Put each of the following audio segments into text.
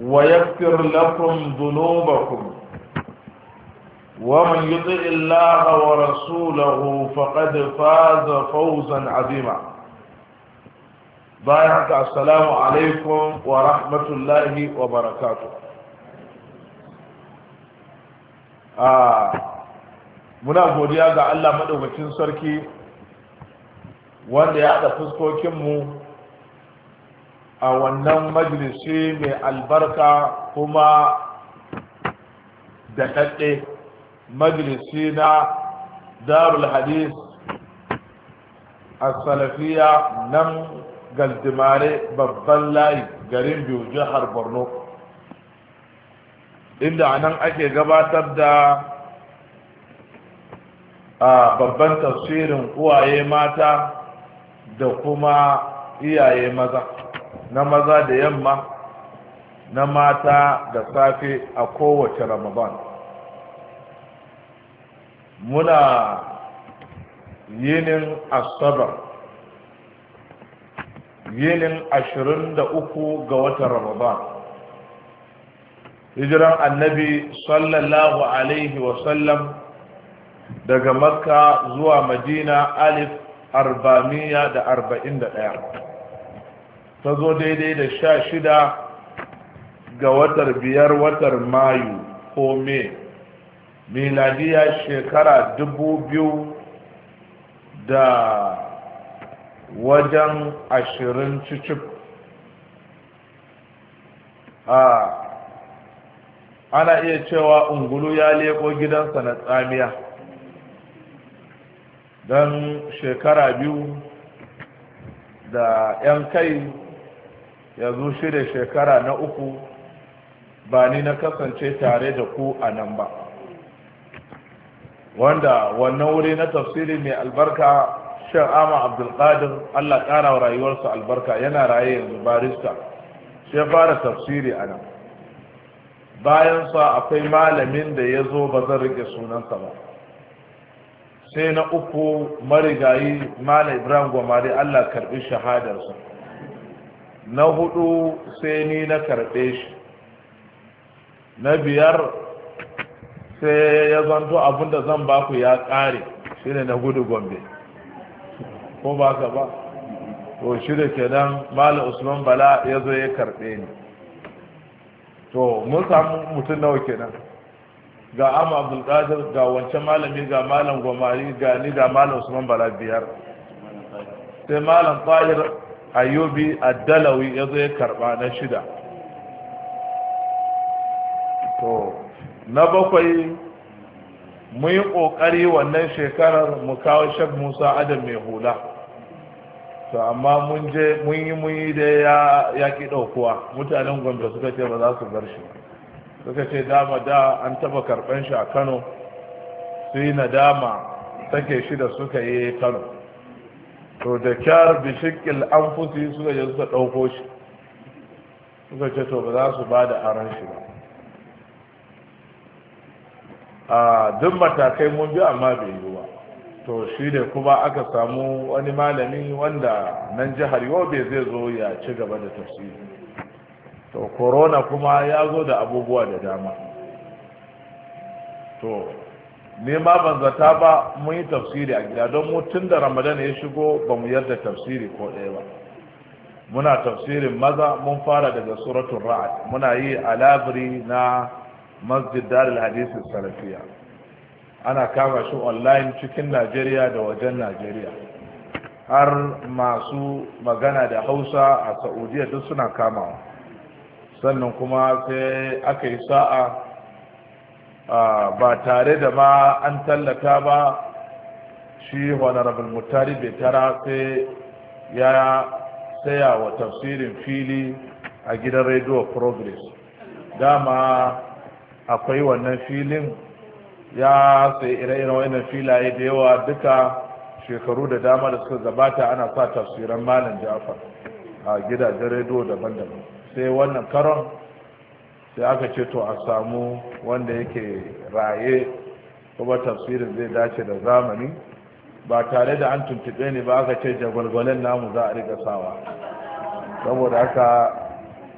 ويغفر لكم ذنوبكم ومن يطع الله ورسوله فقد فاز فوزا عظيما بارك السلام عليكم ورحمة الله وبركاته آه muna godiya ga Allah madaukakin sarki wanda ya haɗa fuskokinmu a wannan majalisi mai albarka kuma da ɗaɗɗe majalisi na darul hadis a salafiya nan galdimare babban layi garin biyu jihar borno inda a nan ake gabatar da a babban tafsirin uwaye mata da kuma iyaye maza na maza da yamma na mata da safe a kowace ramadan muna yinin asabar yinin ashirin da uku ga watan ramadan hijiran annabi sallallahu alaihi wasallam daga makka zuwa madina alif arba'amiya da arba'in da ɗaya ta zo daidai da sha shida ga watar biyar watar mayu ko me miladiya shekara dubu biyu da wajen ashirin cicip a ana iya cewa ungulu ya leko gidansa na tsamiya don shekara biyu da 'yan kai yanzu zo shirya shekara na uku ba ni na kasance tare da ku a nan ba wanda wannan wuri na tafsiri mai albarka shan ama abdulkadir allah kara wa rayuwarsa albarka yana raye yanzu barista shi ya fara tafsiri a nan bayansa akwai malamin da ya zo ba zan rike sunansa ba sai na uku marigayi malam ibrahim gwamari allah karbi shahadarsa na hudu sai ni na karɓe shi na biyar sai ya zanto abinda zan baku ya ƙare ne na gudu gombe ko ba ka ba to shi da ke nan malam usman bala ya zo ya karɓe ni to mun samu mutum nawa kenan ga amma abdulkadir ga wancan malami ga malam gomari ga ni ga malam usman bala biyar sai malam tsayar ayyubi addalawi ya zo ya karba na shida to na bakwai mu yi ƙoƙari wannan shekarar mu kawo shek musa adam mai hula to amma mun je mun yi mun yi da ya ki ɗaukuwa mutanen gwamnati suka ce ba za su bar shi suka ce dama da an taba karɓan shi a kano sai yi nadama sake shi da suka yi kano to da kyar bishikil shikil anfusi suka je suka ɗauko shi suka ce to ba za su ba da aron shi ba a duk matakai mun bi amma bai yi ba to shi ne kuma aka samu wani malami wanda nan jihar yobe zai zo ya ci gaba da tafsiri to corona kuma ya zo da abubuwa da dama to ne ma ban zata ba mun yi tafsiri a gida don mu tun da ramadan ya shigo ba mu yarda tafsiri ko ɗaya ba muna tafsirin maza mun fara daga suratun ra'ad muna yi a labiri na masjid darul hadisi salafiya ana kama shi online cikin najeriya da wajen najeriya har masu magana da hausa a saudiya duk suna kamawa sannan kuma sai aka yi sa'a ba tare da ma an tallata ba shi honorable mutari bai tara sai ya saya wa tafsirin fili a gidan radio progress dama akwai wannan filin ya sai ire-iren wannan filaye da yawa duka shekaru da dama da suka gabata ana sa tafsiran malam jafar a gidajen radio daban-daban sai wannan karon sai aka ce to a samu wanda yake raye kuma tafsirin zai dace da zamani ba tare da an tuntube ne ba aka ce jagwalgwalen namu za a riga sawa saboda aka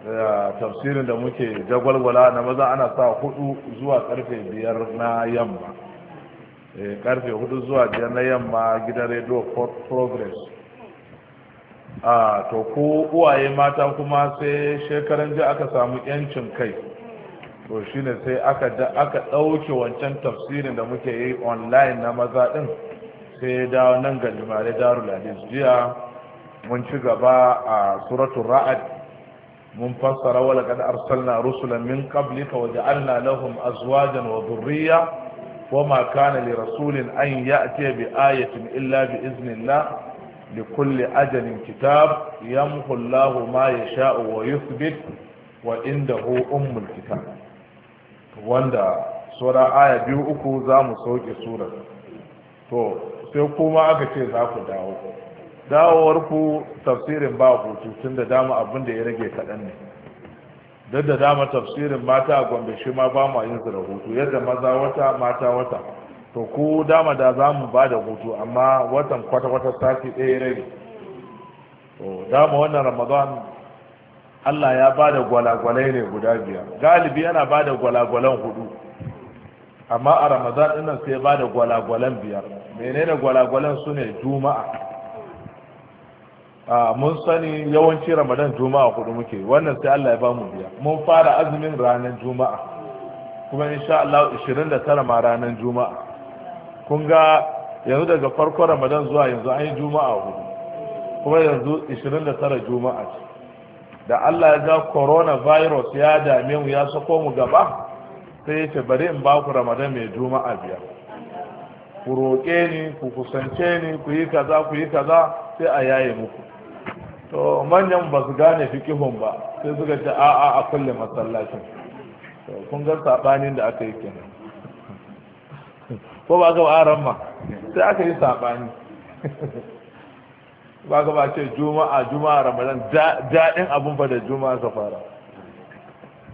eh, tafsirin da muke jagwalgwala na maza ana sa hudu zuwa karfe biyar na yamma eh, karfe hudu zuwa biyar na yamma gidan radio progress a to ko uwaye mata kuma sai shekaran ji aka samu yancin kai to shine sai aka da aka ɗauke wancan tafsirin da muke yi online na maza din sai da nan ga jimare darul hadis jiya mun ci gaba a suratul ra'ad mun fassara wala kad arsalna rusulan min qablika wa ja'alna lahum azwajan wa dhurriyya وما rasulin an أن bi ayatin illa bi iznillah. likulli ajalin kitab yamhu Allahu ma yasha'u wa yuthbit wa indahu wanda sura aya biyu uku za mu sauke surar to sai kuma aka ce za ku dawo dawowar ku tafsirin ba hutu tun da dama abin da ya rage kaɗan ne duk da dama tafsirin mata a gombe shi ma ba mu yin su hutu yadda maza wata mata wata to ko dama da za mu ba da hutu amma watan kwata-kwata sati ɗaya rai to dama wannan ramadan allah ya ba da gwalagwalai ne guda biyar galibi yana ba da gwalagwalan hudu amma a ramadan ɗinnan sai ba da gwalagwalan biyar menene gwalagwalan su ne juma'a mun sani yawanci ramadan juma'a hudu muke wannan sai Allah ya ba mu biya mun fara azumin ranar juma'a kuma insha Allah 29 ma ranar juma'a kun ga yanzu daga farkon ramadan zuwa yanzu an yi juma'a hudu kuma yanzu 29 juma'a ce da allah ya ga virus ya dame mu ya sako mu gaba sai ya ce bari in ba ku ramadan mai juma'a biyar ku roƙe ni ku kusance ni ku yi kaza ku yi kaza sai a yaye muku to manyan ba su gane fikihun ba sai suka ce a'a a kulle masallacin kun ga saɓanin da aka yi kenan ko ba ga aran ma sai aka yi sabani ba ga ba ce juma'a juma'a ramadan daɗin abun fa da juma'a safara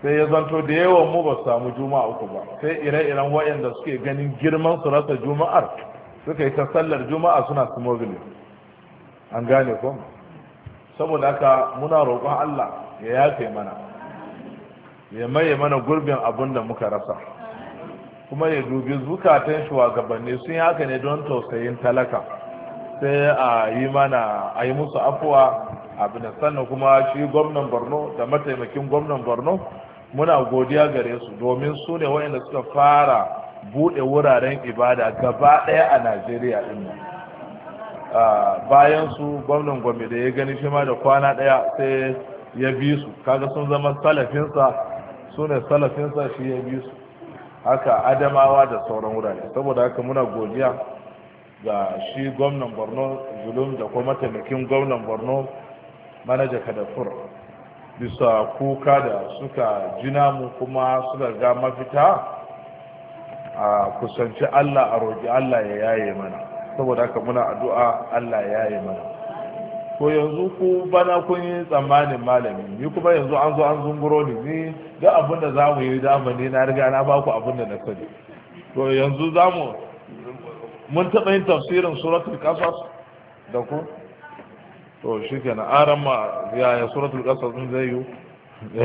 sai ya zanto da yawan mu ba samu juma'a uku ba sai ire-iren waɗanda suke ganin girman su rasa juma'ar suka yi ta sallar juma'a suna smuggling an gane ko saboda haka muna roƙon Allah ya yafe mana ya maye mana gurbin abin da muka rasa kuma ya dubi zukatan shugabanni sun yi haka ne don tausayin talaka sai a yi mana a yi musu afuwa a sannan kuma shi gwamnan borno da mataimakin gwamnan borno muna godiya gare su domin su ne waɗanda suka fara buɗe wuraren ibada gaba ɗaya a najeriya ɗin nan bayan su gwamnan Gwamnati da ya gani shi ma da kwana ɗaya sai ya bi su kaga sun zama salafinsa su ne salafinsa shi ya bi su haka adamawa da sauran wurare saboda haka muna godiya ga shi gwamnan borno zulum da kuma mataimakin gwamnan borno manaja kadafur bisa kuka da suka jina mu kuma suka ga mafita a kusanci allah a roƙi allah ya yaye mana saboda haka muna addu'a allah ya yaye mana ko yanzu ku bana kun yi tsammanin malami ni kuma yanzu an zo an zunguro ni ni ga abin da za mu yi dama ne na riga na baku abin da na sani to yanzu za mu mun taɓa yin tafsirin suratul kasas da ku to shi ke na aran ma yaya suratul kasas din zai yi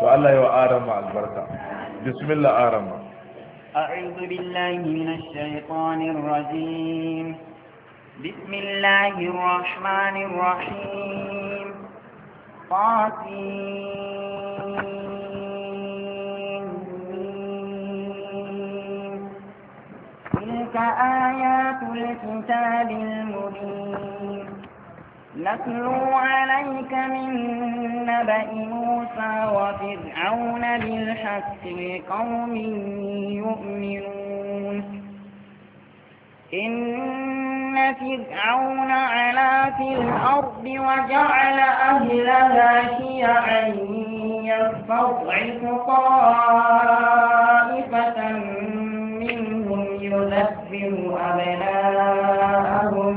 to Allah yi wa aran ma albarka bismillah aran ma أعوذ بالله من الشيطان الرجيم بسم الله الرحمن الرحيم قاسين تلك آيات الكتاب المبين نتلو عليك من نبأ موسى وفرعون بالحق لقوم يؤمنون إن إن فرعون علا في الأرض وجعل أهلها شيعا يستضعف طائفة منهم يذبه أبناءهم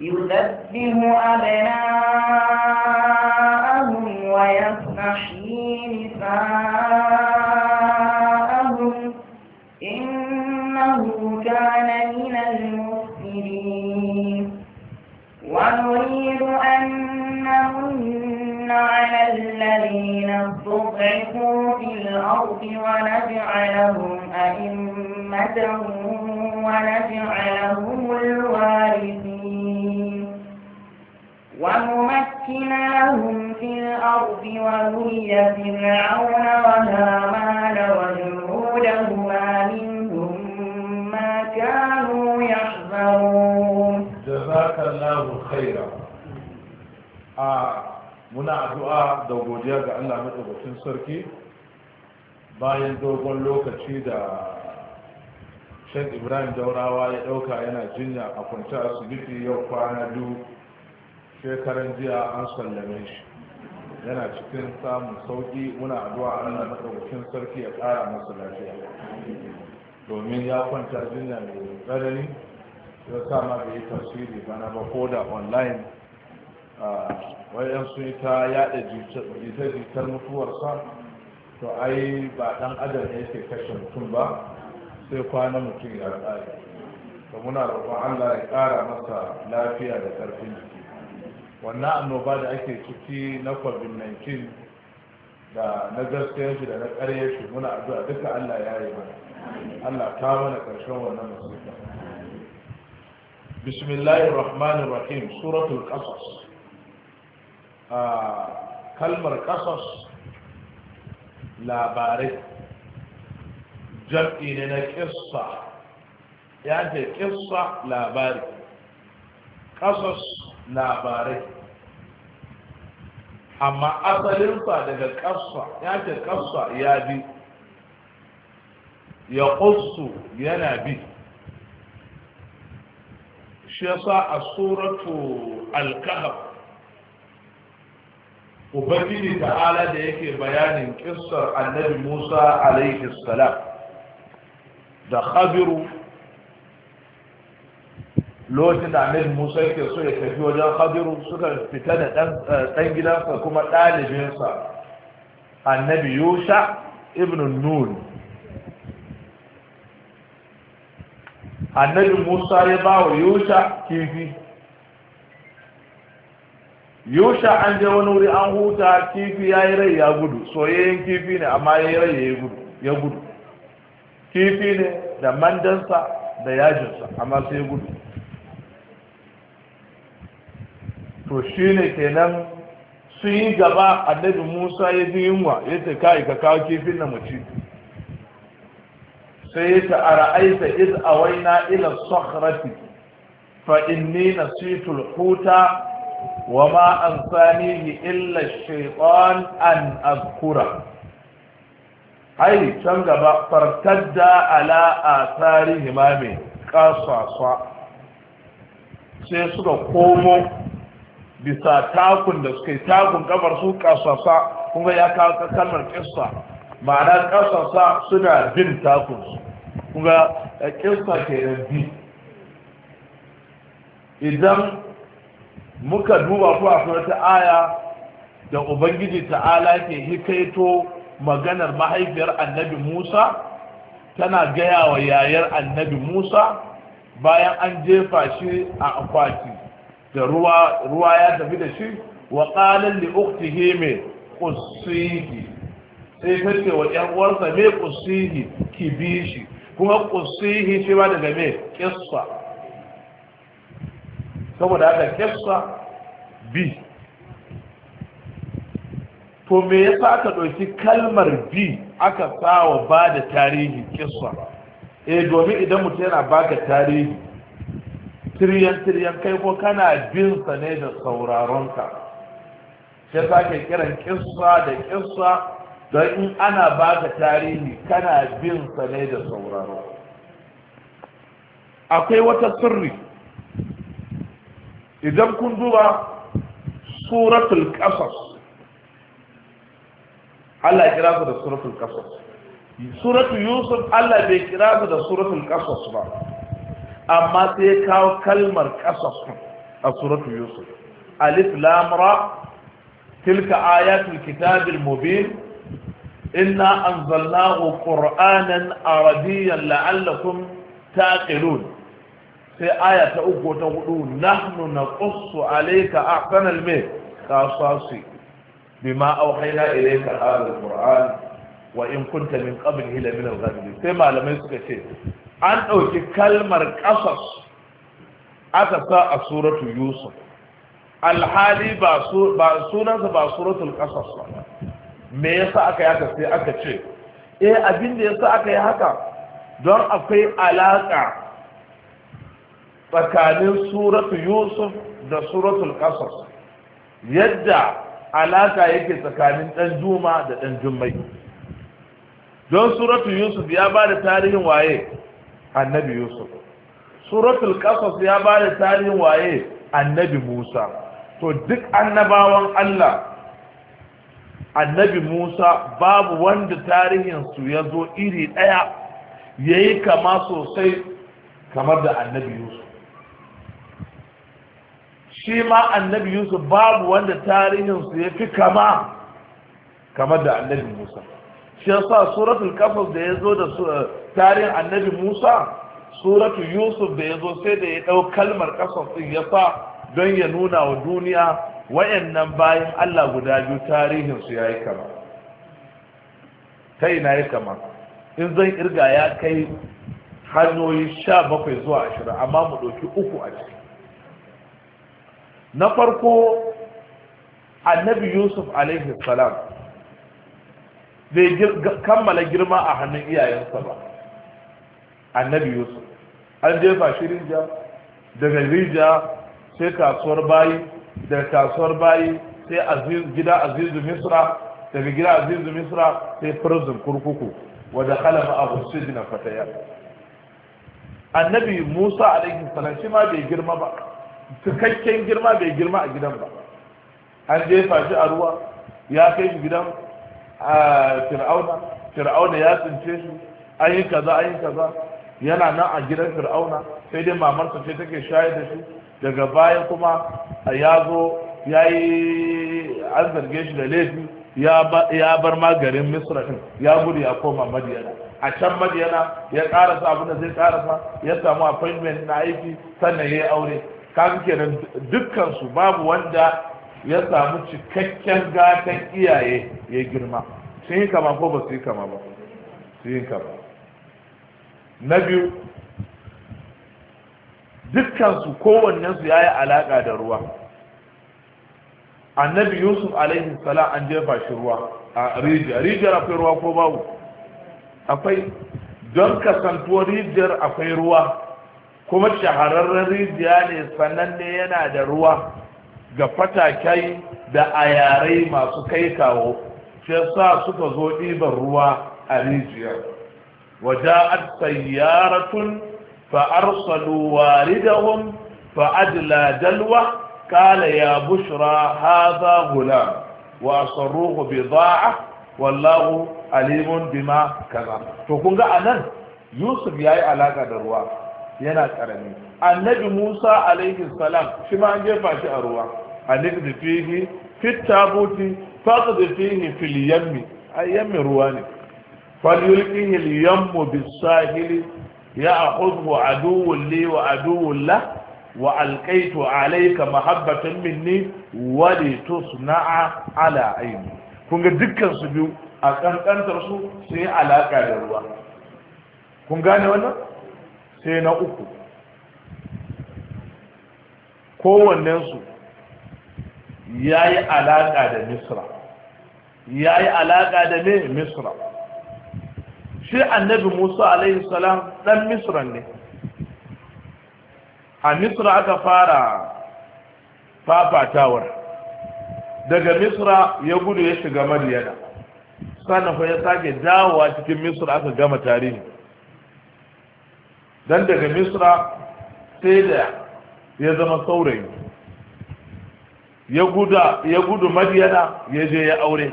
يذبه أبناءهم ويستحيي نساءهم إنه كان من المؤمنين ونريد أن نمن على الذين استضعفوا في الأرض ونجعلهم أئمة ونجعلهم الوارثين ونمكن لهم في الأرض ونري فرعون وهامان a muna addu'a da godiya ga Allah madaukakin sarki bayan dogon lokaci da shan ibrahim Jaurawa ya dauka yana jinya a kwanci asibiti yau kwana biyu shekaran jiya an sallame shi yana cikin samun sauki muna addu'a allah madaukakin sarki ya kara masa lafiya domin ya kwanta jinya mai tsanani ya sa ma bai yi tafsiri bana ba ko da online wayan sun ta yada jita-jitar mutuwarsa to ai ba dan adam ne yake kashe mutum ba sai kwana mutum ya tsari to muna roƙon allah ya ƙara masa lafiya da ƙarfin jiki wannan annoba da ake ciki na covid-19 da na gaskiyar shi da na ƙarya shi muna addu'a duka allah ya yi mana allah ta mana ƙarshen wannan musulmi بسم الله الرحمن الرحيم سورة القصص كلمة القصص لا بارد جمعين القصة يعني قصة لا بارك قصص لا بارك أما أصل الفادة القصة يعني قصة يا بي يقص يا نبي شيصا الصورة الكهف وبدل تعالى ديك بيان قصة النبي موسى عليه السلام ده خبر لو تدع من موسى يكسو يكفي وجاء خبر سكا فتنة تنجلا فكما تعالى جنسا النبي يوشع ابن النون annabi musa ya ba wa yusha kifi yusha an je wani wuri an huta kifi ya yi rai ya gudu soyayyen kifi ne amma ya yi rai ya gudu ya kifi ne da mandansa da yajinsa amma sai ya gudu to shi ne kenan sun yi gaba annabi musa ya ji yunwa ya ce kai ka kawo kifin na mu sai ta ara'aita iz na ila sakhrati fa inni na situl huta wa ma ansanihi illa ash an azkura ai can gaba fartadda ala asarihi ma mai kasaswa sai suka komo bisa takun da suka yi takun ƙafarsu su kasasa kuma ya kawo kalmar kissa ma'ana kasansa suna bin takunsu kuma a kinsa ke nan bi idan muka duba ko kuma wata aya da ubangiji ta'ala ke hikaito maganar mahaifiyar annabi musa tana gaya wa yayar annabi musa bayan an jefa shi a akwati da ruwa ya tafi da shi wa ƙalin li uktihi mai ƙusiki sai ta ce wa ƴan uwansa me ki bi shi kuma qusihi shi ba daga me qissa saboda haka qissa bi to me ya sa aka ɗauki kalmar bi aka sawa ba da tarihi kissa E eh, domin idan mutum yana baka tarihi tiryan tiryan kai ko kana bin sa ne da sauraronka ka sai sake kiran kissa da kissa don in ana baka tarihi kana bin sa ne da sauraro akwai wata sirri idan kun duba suratul qasas Allah ya kira da suratul qasas suratul yusuf Allah bai kira da suratul qasas ba amma sai ya kawo kalmar qasas a suratul yusuf alif lam ra tilka ayatul kitabil mubin إنا أنزلناه قرآنا عربيا لعلكم تعقلون في آية أخرى تقول نحن نقص عليك أحسن الميت خاصاصي بما أوحينا إليك هذا القرآن وإن كنت من قبل إلى من الغافلين فيما لم يسكت أن أوتي كلمة قصص أتساء سورة يوسف الحالي بسورة بسورة القصص me yasa aka yi haka sai aka ce eh abin da yasa aka yi haka don akwai alaƙa tsakanin suratu yusuf da suratul qasas yadda alaka yake tsakanin ɗan juma da ɗan jummai don suratu yusuf ya ba da tarihin waye annabi yusuf suratul qasas ya ba da tarihin waye annabi musa to duk annabawan allah annabi musa babu wanda tarihinsu ya zo iri ɗaya ya yi kama sosai kamar da annabi yusuf shi ma annabi yusuf babu wanda tarihinsu ya fi kama kamar da annabi musa shi yasa suratul kafas da ya zo da eh, tarihin annabi musa suratul yusuf da ya zo sai da ya ɗau kalmar kasas ɗin ya sa don ya nuna wa duniya wayannan bayan Allah guda biyu tarihin su yayi kama kai na yi kama in zan kirga ya kai hanyoyi sha bakwai zuwa ashirin amma mu ɗauki uku a ciki na farko annabi yusuf alaihi salam bai kammala girma a hannun iyayensa ba annabi yusuf an jefa shirin daga rija sai kasuwar bayi da kasuwar bayi sai gida azizu misra daga gida azizu misra sai prison kurkuku wadda kalama abu sujina fataya annabi musa alaihi salam shi ma bai girma ba cikakken girma bai girma a gidan ba an jefa shi a ruwa ya kai shi gidan fir'auna fir'auna ya tsince shi an yi kaza an yi kaza yana nan a gidan fir'auna sai dai mamarsa ce take shayar da shi daga baya kuma ya zo ya yi an zarge shi da laifi ya bar ma garin misra ya gudu ya koma madiyana a can madiyana ya karasa abinda da zai karasa ya samu appointment na aiki sannan ya yi aure kaga kenan dukkansu babu wanda ya samu cikakken gatan iyaye ya girma sun yi kama ko ba su yi kama ba sun yi kama na biyu dukkansu kowannensu ya yi alaƙa da ruwa annabi yusuf alaihi salam an jefa shi ruwa a rijiyar rijiyar akwai ruwa ko babu akwai don kasantuwar rijiyar akwai ruwa kuma shahararren rijiya ne sananne yana da ruwa ga fatakai da ayarai masu kai kawo shi sa suka zo ɗiban ruwa a rijiyar wajen sayyaratun فأرسلوا واردهم فأدلى دلوة قال يا بشرى هذا غلام وأصروه بضاعة والله عليم kaza. كذب فكون ga anan Yusuf yayi alaka da ruwa yana karami annabi Musa alaihi salam shi an jefa shi a ruwa annabi da fihi fit tabuti faqad fihi fil yammi ayyami ruwani falyulqihi al yammu bis sahili ya akhudhu aduwwun li wa aduwwun la wa alqaitu alayka mahabbatan minni wa litusna'a ala aini kun ga dukkan su biyu a kankantar su sai alaka da ruwa kun gane wannan sai na uku kowannensu ya yi alaƙa da misra ya yi alaƙa da ne misra shi annabi musa alaihi salam dan misran ne a misra aka fara fafatawar daga misra ya gudu ya shiga madiyana sannan ya sake dawowa cikin misra aka gama tarihi dan daga misra sai da ya zama saurayi ya gudu madiyana ya je ya aure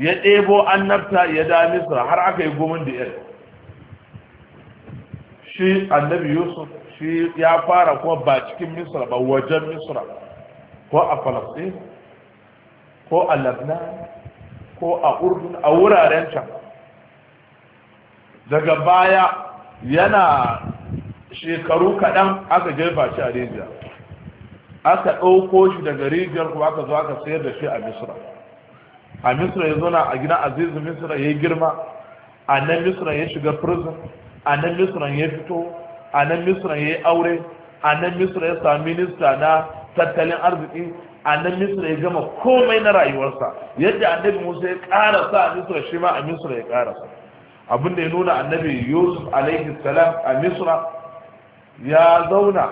ya ɗebo annabta ya da misra har aka yi gomin da yadda shi annabi yusuf shi ya fara kuma ba cikin misra ba wajen misra ko a falasɗin ko a labna ko a urdun a wuraren can daga baya yana shekaru kaɗan aka jefa shi a rijiya aka ɗauko shi daga rijiyar kuma aka zo aka sayar da shi a misra a misra ya zauna a gina azizu misra ya girma a nan misra ya shiga prison a nan misra ya fito a nan misra ya yi aure a nan misra ya sami minista na tattalin arziki a nan misra ya gama komai na rayuwarsa yadda annabi musa ya karasa a misra shi ma a misra ya karasa abin da ya nuna annabi yusuf alaihi salam a misra ya zauna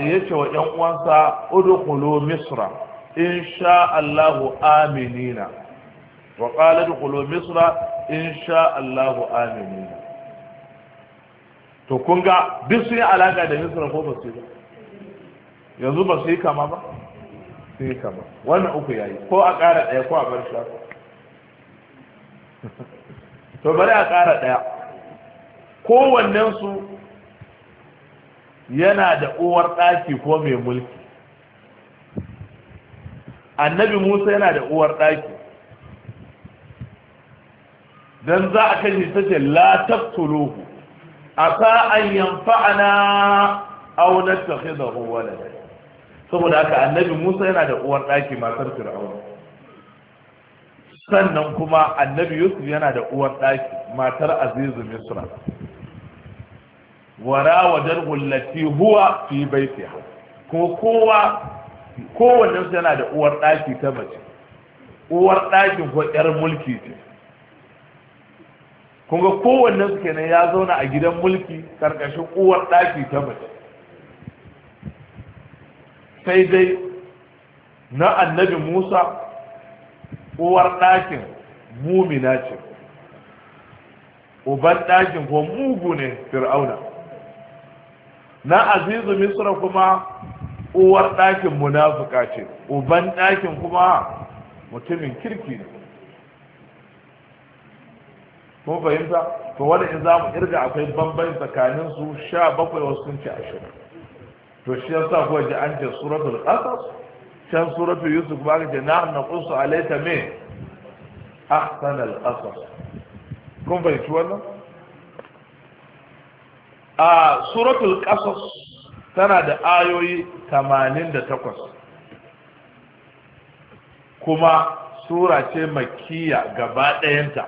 ya ce wa 'yan uwansa udkhulu misra in sha Allahu aminina wa qala dkhulu misra in sha Allahu aminina to kun ga duk sun yi alaka da misra ko ba su yi yanzu ba su yi kama ba su yi kama wannan uku yayi ko a ƙara ɗaya ko a bar shi to bari a ƙara ɗaya kowannensu yana da uwar ɗaki ko mai mulki annabi musa yana da uwar ɗaki don za a kan ta ce la taqtuluhu asa an yanfa'ana aw nattakhidahu walada saboda haka annabi musa yana da uwar ɗaki fir'auna sannan kuma annabi yusuf yana da uwar ɗaki matar azizu misra wara wajen hullati huwa fi baitiha kuma kowa kowanne su yana da uwar ɗaki ta mace uwar ɗakin ko ƴar mulki ce kuma kowanne su kenan ya zauna a gidan mulki karkashin uwar ɗaki ta mace sai dai na annabi musa uwar ɗakin mumina ce uban ɗakin ko mugu ne fir'auna na azizu misra kuma uwar ɗakin munafuka ce uban ɗakin kuma mutumin kirki ne kun fahimta to wani in za mu irga akwai bambanci tsakanin su sha bakwai wasu sun ce ashirin to shi yasa kuwa ji an ce suratul qasas can suratul yusuf ba ka ce na na qussu alaita me ahsanal qasas kun fahimci wannan a suratul qasas tana da ayoyi 88 kuma sura ce makiya gaba ɗayanta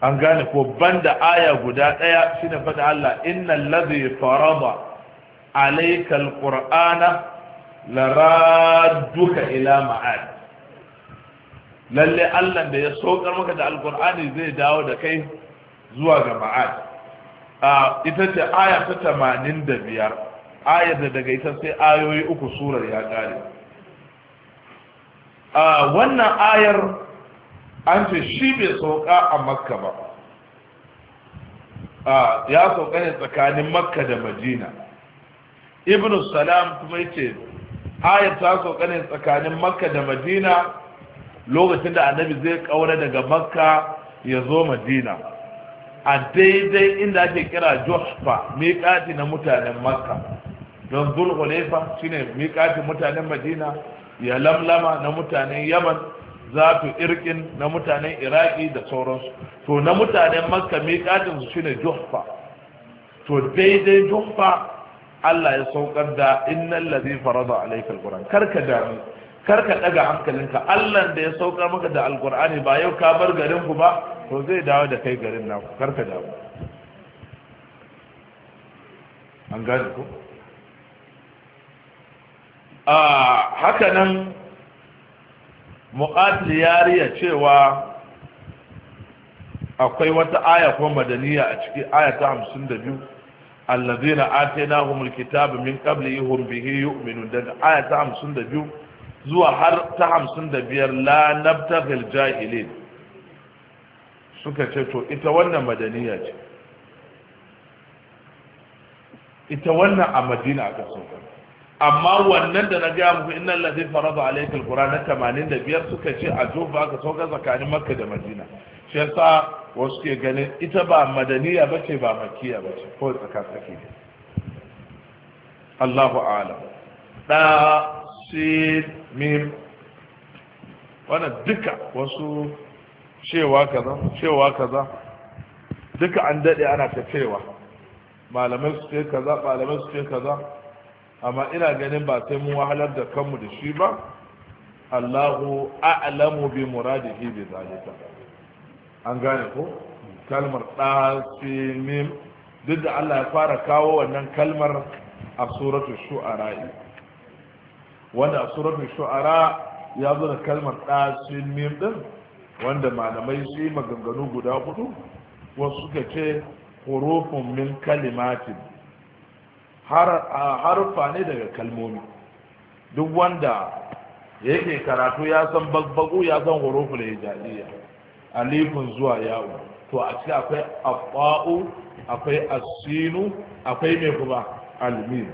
an gane ko banda aya guda ɗaya shi ne fata Allah inna ladhi farada alayka alqur'ana duka ila ma'ad lalle Allah da ya saukar maka da alƙur'ani zai dawo da kai zuwa ga ma'ad ita ce aya ta tamanin da biyar ayar da daga ita sai ayoyi uku surar ya kare wannan ayar an ce shi bai sauka a makka ba ya sauka ne tsakanin makka da madina ibn salam kuma yace ayar ta sauka ne tsakanin makka da madina lokacin da annabi zai kaura daga makka ya zo madina a daidai inda ake kira juhfa miƙati na mutanen makka don zulhulefa shine miƙati mutanen madina ya lamlama na mutanen yaman zatu irkin na mutanen iraki da sauransu to na mutanen makka miƙatinsu shine juhfa to daidai juhfa Allah ya saukar da innal ladhi farada alayka alquran karka damu kar ka ɗaga hankalinka allah da ya sauka maka da alkur'ani ba yau ka bar garin ku ba to zai dawo da kai garin ku kar ka dawo an gane ku a haka nan muqatil yariya cewa akwai wata aya ko madaniya a ciki aya ta 52 allazina atainahumul kitaba min qablihi hum bihi yu'minun daga aya ta 52 zuwa har ta hamsin da biyar la nabtaghil jahilin suka ce to ita wannan madaniya ce ita wannan a madina aka sauka amma wannan da na gaya muku inna lafi farada alaikul kura na tamanin da biyar suka ce a jufa aka sauka tsakanin makka da madina shi yasa wasu ke ganin ita ba madaniya ba ce ba makkiya ce ko tsaka tsaki ne Allahu a'lam da sin mim wannan duka wasu cewa kaza cewa kaza duka an dade ana ta cewa malamai su ce kaza malamai su ce kaza amma ina ganin ba sai mun wahalar da kanmu da shi ba Allahu a'lamu bi muradihi bi zalika an gane ko kalmar mim duk da Allah ya fara kawo wannan kalmar a suratu shu'ara wanda a suratul shu'ara ya zo da kalmar ɗasin mim ɗin wanda malamai su yi maganganu guda hudu wasu suka ce hurufun min kalimatin harufa ne daga kalmomi duk wanda yake karatu ya san bagbagu ya san hurufun hijaiya alifun zuwa yawo to a ciki akwai abba'u akwai asinu akwai mai kuma almin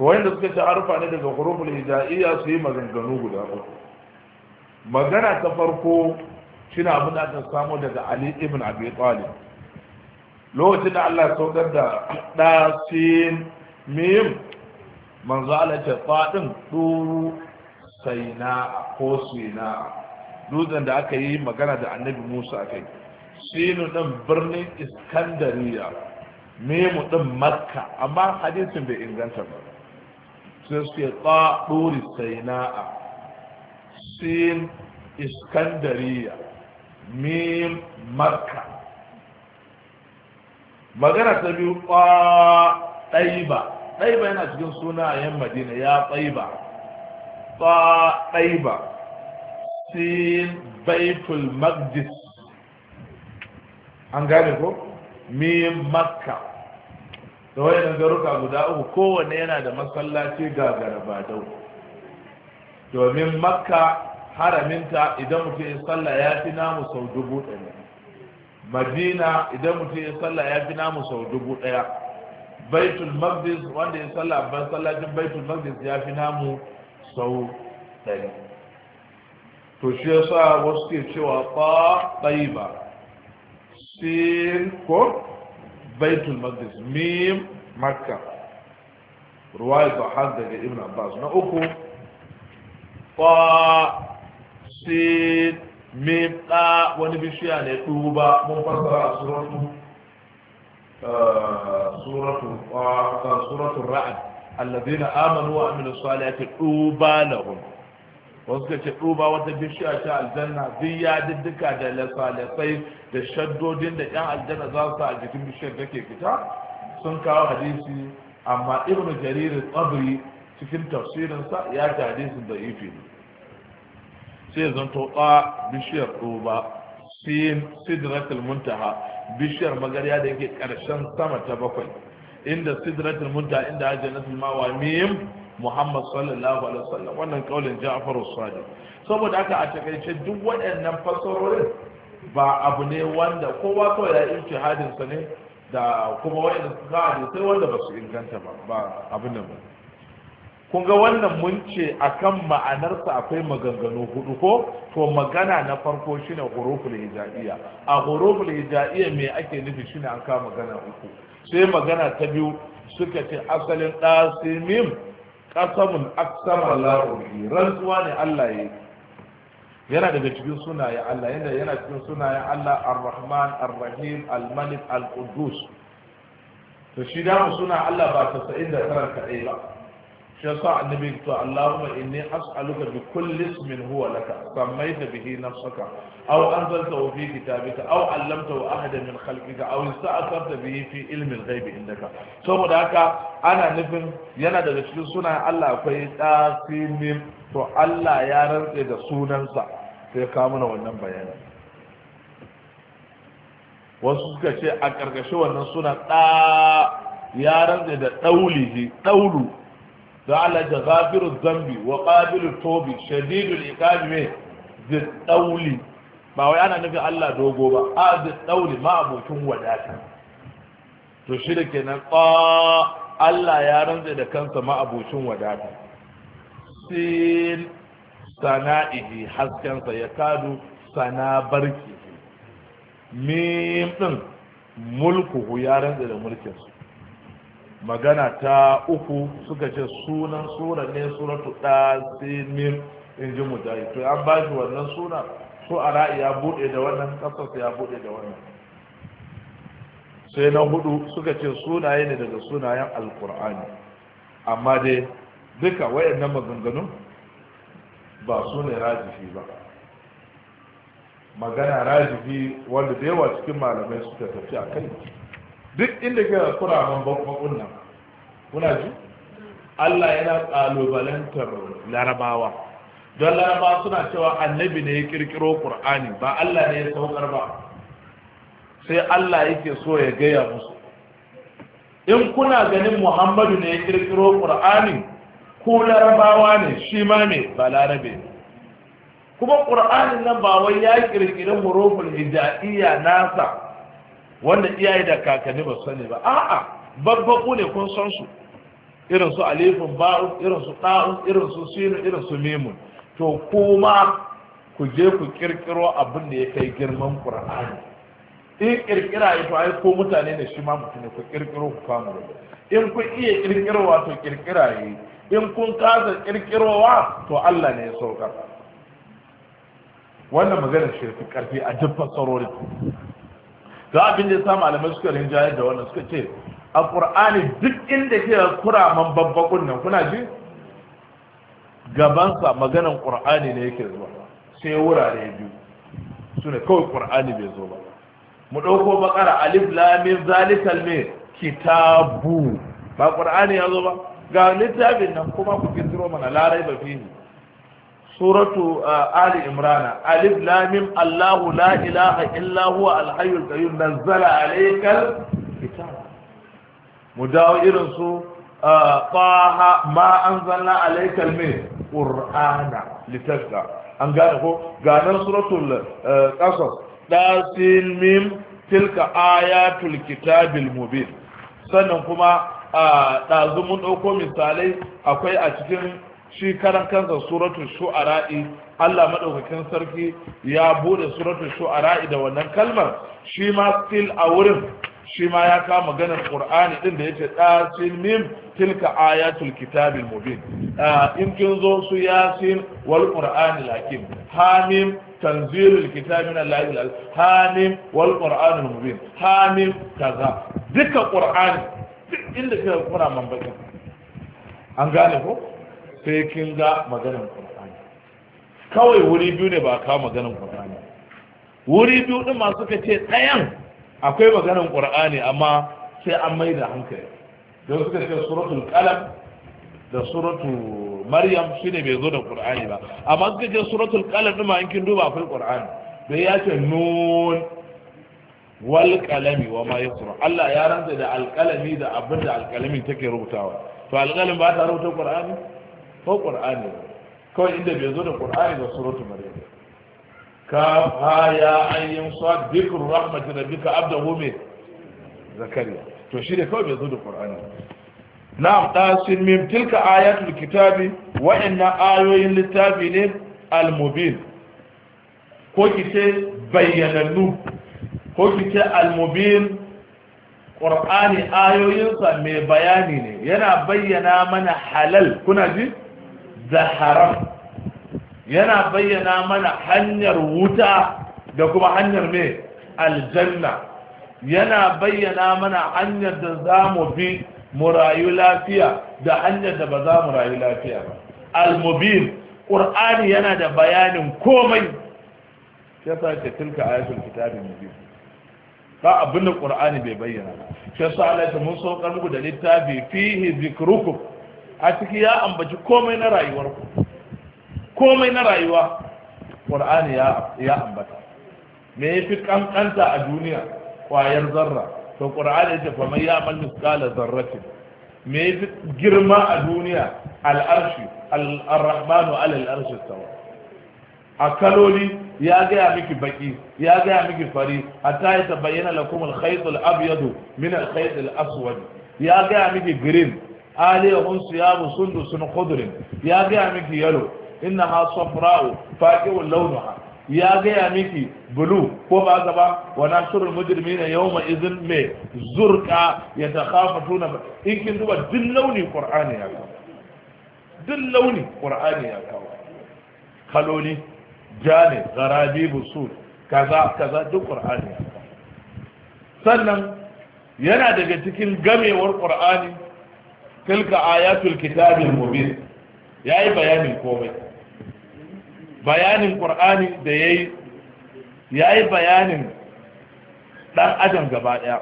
to wanda suka ci arfa ne daga huruful iya su yi maganganu guda uku magana ta farko shi na abin da aka samu daga ali ibn abi talib lokacin da Allah saukar da ɗasin mim manzo Allah ce faɗin ɗuru saina ko suina dutsen da aka yi magana da annabi musa a kai sinu ɗin birnin iskandariya memu ɗin makka amma hadisin bai inganta ba sai suke ta ɗuri saina'a sin iskandariya mim makka magana ta biyu ƙwa ɗaiba ɗaiba yana cikin suna a yan madina ya ɗaiba ƙwa ɗaiba sin baitul magdis an gane ko mim makka da na garuka guda uku kowanne yana da masallaci ga garabadau domin makka haraminta idan mutum ya sallah ya fi namu sau dubu ɗaya madina idan mutum ya sallah ya fi namu sau dubu ɗaya baitul magdis wanda ya sallah ban sallacin baitul magdis ya fi namu sau ɗaya to shi yasa wasu ke cewa ba ɗayi ba sin ko بيت المقدس ميم مكة رواية ضحان ابن عباس نأكو فا سين ميم قا ونبشيان يتوبا مفصرة سورة آه، سورة آه، سورة الرعد الذين آمنوا وأمنوا الصالحة توبا لهم wasu ka ce duba wata bishiya ta aljanna duk ya diddika da lasalasai da shaddodin da yan aljanna za su a jikin bishiyar ke fita sun kawo hadisi amma ibn jarir tsabri cikin tafsirinsa ya ta hadisin da ifi ne sai zan a bishiyar duba sin sidratul muntaha bishiyar magarya da yake karshen sama ta bakwai inda sidratul muntaha inda aljannatul mawa Muhammad sallallahu alaihi wasallam wannan kaulin Ja'far as-Sadiq saboda haka a takaice duk waɗannan fasarorin ba abu ne wanda kowa kawai ya yi jihadin sa ne da kuma waɗanda suka hadu sai wanda ba su inganta ba ba abin nan ba kun ga wannan mun ce akan ma'anarsa akwai maganganu hudu ko to magana na farko shine huruful hijaiya a huruful hijaiya me ake nufi shine an ka magana uku sai magana ta biyu suka ce asalin dasimim Ƙasamun aksamar Allahu rantsuwa ne Allah yana daga cikin sunaye Allah yana yana cikin sunaye Allah Ar-Rahman Ar-Rahim Al-Malik al to shi da suna Allah ba 99 kaɗai ba shi yasa annabi to Allahumma inni as'aluka bi kulli ismin huwa laka sammaita bihi nafsaka aw anzaltahu fi kitabika aw allamtahu ahada min khalqika aw ista'tharta bihi fi ilmi al-ghaib indaka saboda haka ana nufin yana daga cikin sunan Allah akwai tasimin to Allah ya rantse da sunansa sai ka mana wannan bayanin wasu suka ce a ƙarƙashin wannan suna ɗa ya rantse da ɗaulihi ɗaulu da Allah da gafiru zambi wa qabilu tobi shadidul iqabi zid dauli ba wai ana nufin Allah dogo ba a zid dauli ma abokin wadata to shi kenan Allah ya rantsa da kansa ma abokin wadata sin sana'ihi haskensa ya kadu sana barki mim din mulkuhu ya rantsa da mulkinsa magana ta uku suka ce sunan sura ne suratu ɗasimir in ji mujahid to an ba shi wannan suna su a ra'i ya buɗe da wannan ƙasarsa ya buɗe da wannan sai na hudu suka ce sunaye ne daga sunayen alkur'ani amma dai duka wayannan maganganun ba su ne rajifi ba magana rajifi wanda da yawa cikin malamai suka tafi a kai duk inda kira kuraman bakon nan kuna ji Allah yana kalubalantar larabawa don larabawa suna cewa annabi ne ya kirkiro qur'ani ba Allah ne ya saukar ba sai Allah yake so ya gaya musu in kuna ganin Muhammadu ne ya kirkiro qur'ani ko larabawa ne shi ma ne ba larabe kuma ƙur'anin nan ba wai ya ƙirƙiri hurufin hijaiya nasa wanda iyaye da kakanni ba sani ba a'a babba kone kun san su irin su alifin ba'u irin su ta'u irin su sinu irin su mimun to kuma ku je ku kirkiro abin da ya kai girman qur'ani in kirkira ya to ai ko mutane ne shi ma mutune ku kirkiro ku fama da in kun iya kirkirowa to kirkira yi in kun kasa kirkirowa to Allah ne ya saukar wannan magana shi fi karfi a duk fasarorin ga abin da ya sa malamai suka rinjayar da wannan suka ce a ƙur'ani duk inda ke kuraman babbakun nan kuna ji gabansa maganan ƙur'ani ne yake zuwa sai wurare biyu su ne kawai ƙur'ani bai zo ba mu ɗauko bakara alif lamin zalikal me kitabu ba ƙur'ani ya zo ba ga littafin nan kuma ku kirkiro mana larai ba fi suratu uh, ali imran alif lam mim la ilaha illa huwa al hayyul qayyum nazzala alaykal kitab mu dawo irin su uh, taha ma anzalna alaykal min qur'ana litashqa an gane ko ganar suratul uh, qasas dasil mim tilka ayatul kitabil mubin sannan kuma a ɗazu mun ɗauko misalai akwai a cikin shi karan kansa suratul shu'ara'i Allah madaukakin sarki ya bude suratul shu'ara'i da wannan kalmar shi ma still a wurin shi ma ya kawo maganar qur'ani din da yace tasin mim tilka ayatul kitabil mubin in kin zo su yasin wal qur'anil hakim hamim tanzilul kitabi min allahil al hamim wal qur'anil mubin hamim kaza duka qur'ani duk inda kai kuna mambakin an gane ko sai kin ga maganan qur'ani kawai wuri biyu ne ba ka maganan qur'ani wuri biyu din ma suka ce ɗayan akwai maganan qur'ani amma sai an mai da hankali don suka ce suratul qalam da suratul maryam shine bai zo da qur'ani ba amma suka ce suratul qalam din ma in kin duba akwai qur'ani dai ya ce nun wal qalami wa ma yasra Allah ya ranta da alqalami da abinda alqalami take rubutawa to alqalam ba ta rubuta qur'ani ko qur'ani kawai inda bai zo da qur'ani ba suratul maryam ka fa ya ayyin sad dhikru rahmatin rabbika abdahu min zakariya to shi da kawai bai zo da qur'ani na'am tasin mim tilka ayatul kitabi wa inna ayoyin littafi ne al-mubin ko kice bayyanannu ko kice al-mubin qur'ani ayoyinsa mai bayani ne yana bayyana mana halal kuna ji da yana bayyana mana hanyar wuta da kuma hanyar mai aljanna yana bayyana mana hanyar da za mu bi mu rayu lafiya da hanyar da ba za mu rayu lafiya ba al-mubin qur'ani yana da bayanin komai ya sace tilka ayatul kitabin mubin ba abin da qur'ani bai bayyana ba shi mun saukar da littafi fihi zikrukum a ciki ya ambaci komai na rayuwar ku komai na rayuwa qur'ani ya ambata me ya fi kankanta a duniya kwayar zarra to qur'ani yace fa man ya'mal mithqala zarratin me ya fi girma a duniya al'arshi al-rahmanu ala al-arshi tawa a kaloli ya gaya miki baki ya gaya miki fari hatta ya tabayyana lakum al-khayt al-abyad min al-khayt al-aswad ya gaya miki green aliyahun siyabu sundusun khudrin ya gaya miki yalo inna ha safra'u faqi'un launuha ya gaya miki bulu ko ba gaba wa nasrul mujrimina yawma idhin me zurqa yatakhafatuna in kin duba launi qur'ani ya kawo duk launi qur'ani ya kawo kaloli jani garabibu sur kaza kaza duk qur'ani ya sannan yana daga cikin gamewar qur'ani tilka ayatul kitabil mubin yayi bayanin komai bayanin qur'ani da yayi yayi bayanin dan adam gaba daya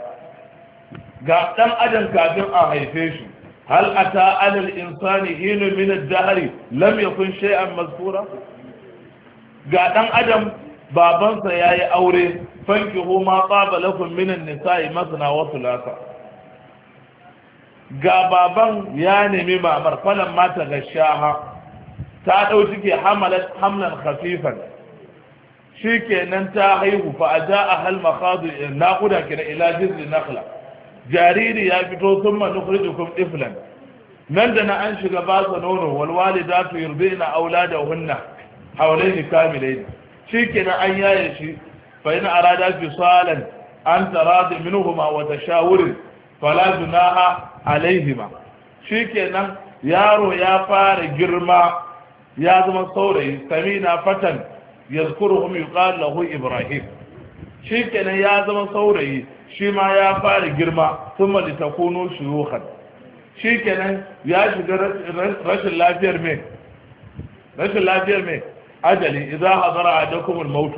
ga dan adam kafin a haife shi hal ata alal insani hinu min ad-dahri lam yakun shay'an mazkura ga dan adam babansa yayi aure fankihu ma qabalakum min an-nisa'i masna wa thulatha ga baban ya nemi mamar falon mata ga shaha ta ɗau cike hamalat hamlan khafifan shi kenan ta haihu fa a ja a halma khadu eh, naƙuda kira ila jizri nakhla jariri ya fito sun manukhrijukum iflan nan da na an shiga ba sa nono wal aula da hunna, hawlaini kamilaini shi kenan an yaye shi fa in arada fisalan an taradi minhuma wa wurin. fala junaha alaihima shikenan yaro ya fara girma ya zama saurayi samina fatan yazkuruhum yuqal lahu ibrahim shikenan ya zama saurayi shi ma ya fara girma thumma litakunu shuyukhan shikenan ya shiga rashin lafiyar mai rashin lafiyar me ajali idza hadara adakum al-maut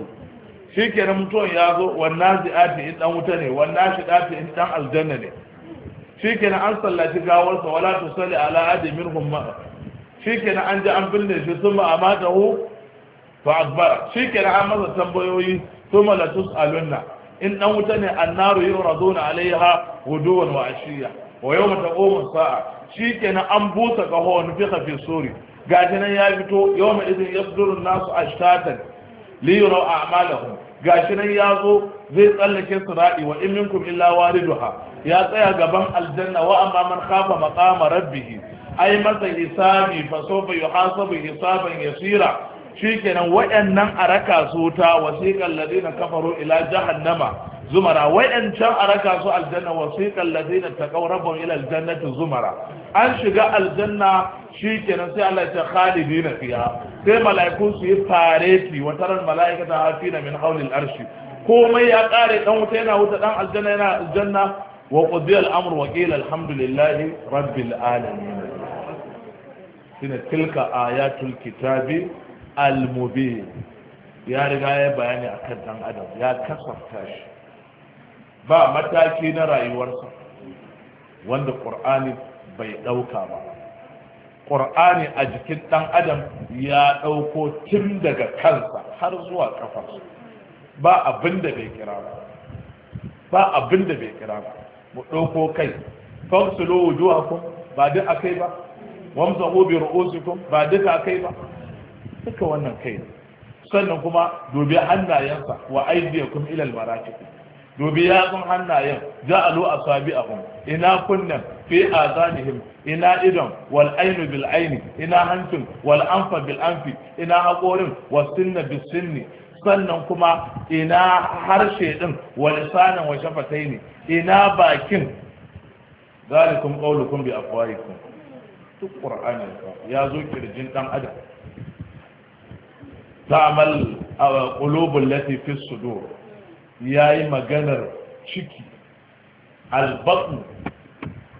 shikenan mutuwan ya zo wannan zi'ati in dan wuta ne wannan shidati in dan aljanna ne shi kenan an sallaci gawarsa wala tu sali ala adi minhum ma shi kenan an ji an binne shi sun ma hu fa akbara shi kenan an masa tambayoyi sun ma latus alunna in dan wuta ne annaru yuraduna alaiha guduwan wa ashiya wa yawma taqumu sa'a shi kenan an busa kaho nufiqa fi suri gashi nan ya fito yawma idin yasduru nasu ashtatan li yura a'malahum gashi nan ya zo zai tsallake sirati wa in minkum illa wariduha ya tsaya gaban aljanna wa amma man khafa maqama rabbih ai masa hisabi fa sawfa yuhasabu hisaban yasira shikenan wayannan araka su ta wasiqal ladina kafaru ila jahannama zumara wayancan araka su aljanna wasiqal ladina taqaw rabbahum ila aljannati zumara an shiga aljanna shikenan sai Allah ya khalidina fiha sai malaikun su yi fareti wa taral mala'ikata hafina min hawli arshi komai ya kare dan wuta yana wuta dan aljanna yana aljanna wa qudiya al-amru wa qila alhamdulillahi rabbil alamin Sina tilka ayatul kitabi al-mubin ya riga ya bayani akan dan adam ya kasafta shi ba mataki na rayuwarsa wanda qur'ani bai dauka ba qur'ani a jikin dan adam ya dauko tun daga kansa har zuwa kafarsa ba abin da bai kira ba ba abin da bai kira ba mu ɗauko kai fagsulu wujuhakum ba duk akai ba wamsa wamsahu bi ru'usikum ba duka akai ba duka wannan kai ne sannan kuma dubi hannayensa wa aydiyakum ila almarafiq dubi yatsun hannayen a asabi'ahum ina kunnan fi azanihim ina idon wal ainu bil aini ina hancin wal anfa bil anfi ina haƙorin was sinna bis sinni sannan kuma ina harshe din wa lisanan wa shafataini ina bakin zalikum qawlukum bi afwahikum duk qur'ani ya zo kirjin ɗan adam Ta a qulubul lati fi ya yi maganar ciki albaqn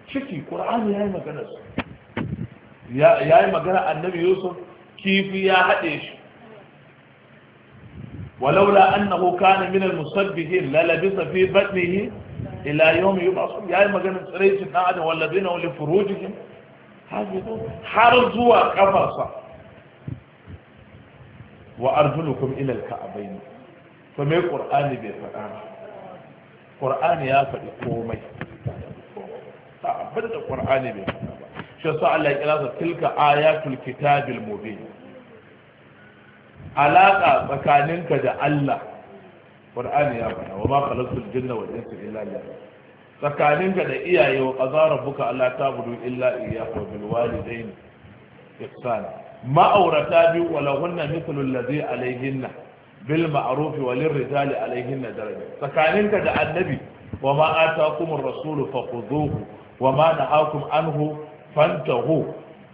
ciki ya yi maganar ya yi maganar annabi yusuf kifi ya haɗe shi ولولا أنه كان من المسبحين للبث في بطنه إلى يوم يبعثون يا إما جنة سريس النعدة والذين لفروجهم حرزوا كفرصا وأرجلكم إلى الكعبين فما القرآن بيفعل قرآن يا فلقومي تعبدت القرآن بيفعل شو صلى الله تلك آيات الكتاب المبين Alaƙa tsakaninka da Allah Qur'ani ya faɗa wa ma khalaqtul jinna wal insa illa liya'budun tsakaninka da iyaye wa qadara rabbuka alla ta'budu illa iyyahu wa bil walidayni ihsana ma'aurata biyu wala hunna mithlu alladhi alayhinna bil ma'ruf wa lirrijali alayhinna daraja tsakaninka da annabi wa ma ataakum ar-rasulu fakhudhuhu wa ma nahakum anhu fantahu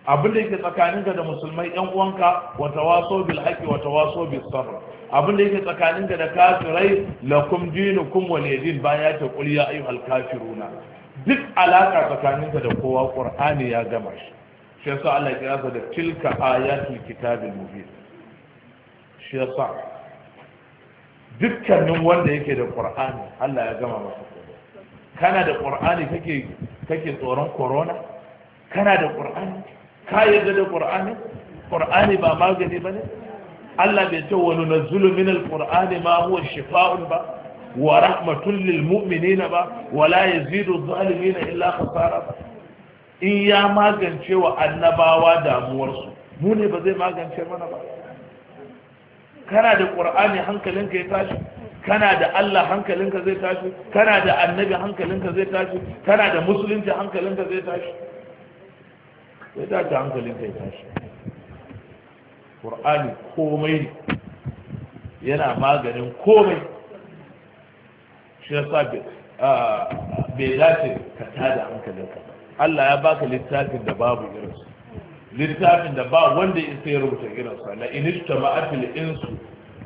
abin da yake tsakaninka da musulmai ɗan uwanka wa tawaso bil haqqi wa tawaso bis sabr abin da yake tsakaninka da kafirai lakum dinukum waliyadin baya ta qul ya ayyuhal kafiruna duk alaka tsakaninka da kowa qur'ani ya gama shi shi yasa Allah ya kira da tilka ayatul kitabil mubin shi yasa dukkanin wanda yake da qur'ani Allah ya gama masa kana da qur'ani kake kake tsoron corona kana da qur'ani ka yarda da qur'ani qur'ani ba magani bane Allah bai ce wani nazulu min qurani ma huwa shifa'un ba wa rahmatun lil mu'minina ba wala yazidu adh-dhalimina illa khasara ba in ya magance wa annabawa damuwarsu mu ne ba zai magance mana ba kana da qur'ani hankalinka ya tashi kana da Allah hankalinka zai tashi kana da annabi hankalinka zai tashi kana da musulunci hankalinka zai tashi sai ta ta hankalin kai tashi ƙur'ani komai yana maganin komai shi ya sa bai dace ka tada hankalinka Allah ya baka littafin da babu irinsu littafin da ba wanda isa ya rubuta irinsa la inista ma'afil insu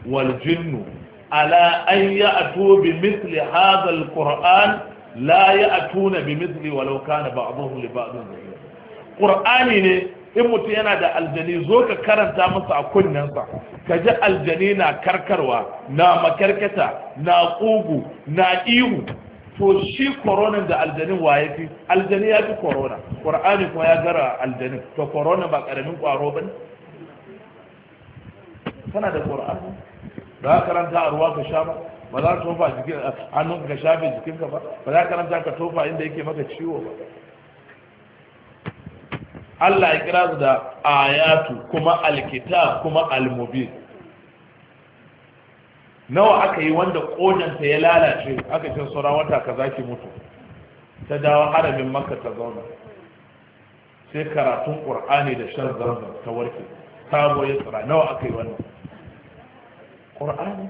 wal jinnu ala an ya'tu bi mithli hadha al-qur'an la ya'tuna bi mithli walau kana ba'dhum li ba'dhin ƙur'ani ne in mutum yana da aljani zo ka karanta masa a kunnensa ka ji aljani na karkarwa na makarkata na ƙugu na ihu to shi koronan da aljanin waye fi aljani ya fi korona ƙur'ani kuma ya gara aljanin to korona ba ƙaramin ƙwaro ba ne tana da ƙur'ani ba karanta a ruwa ka sha ba ba za ka tofa a hannun ka shafe jikinka ba ba za ka karanta ka tofa inda yake maka ciwo ba Allah ya kira su da ayatu kuma alkitab kuma almubin nawa aka yi wanda kodanta ya lalace aka ce sura wata ka zaki mutu ta dawo haramin makka ta zauna sai karatun qur'ani da shan zanzan ta warke ya tsira nawa aka yi wannan qur'ani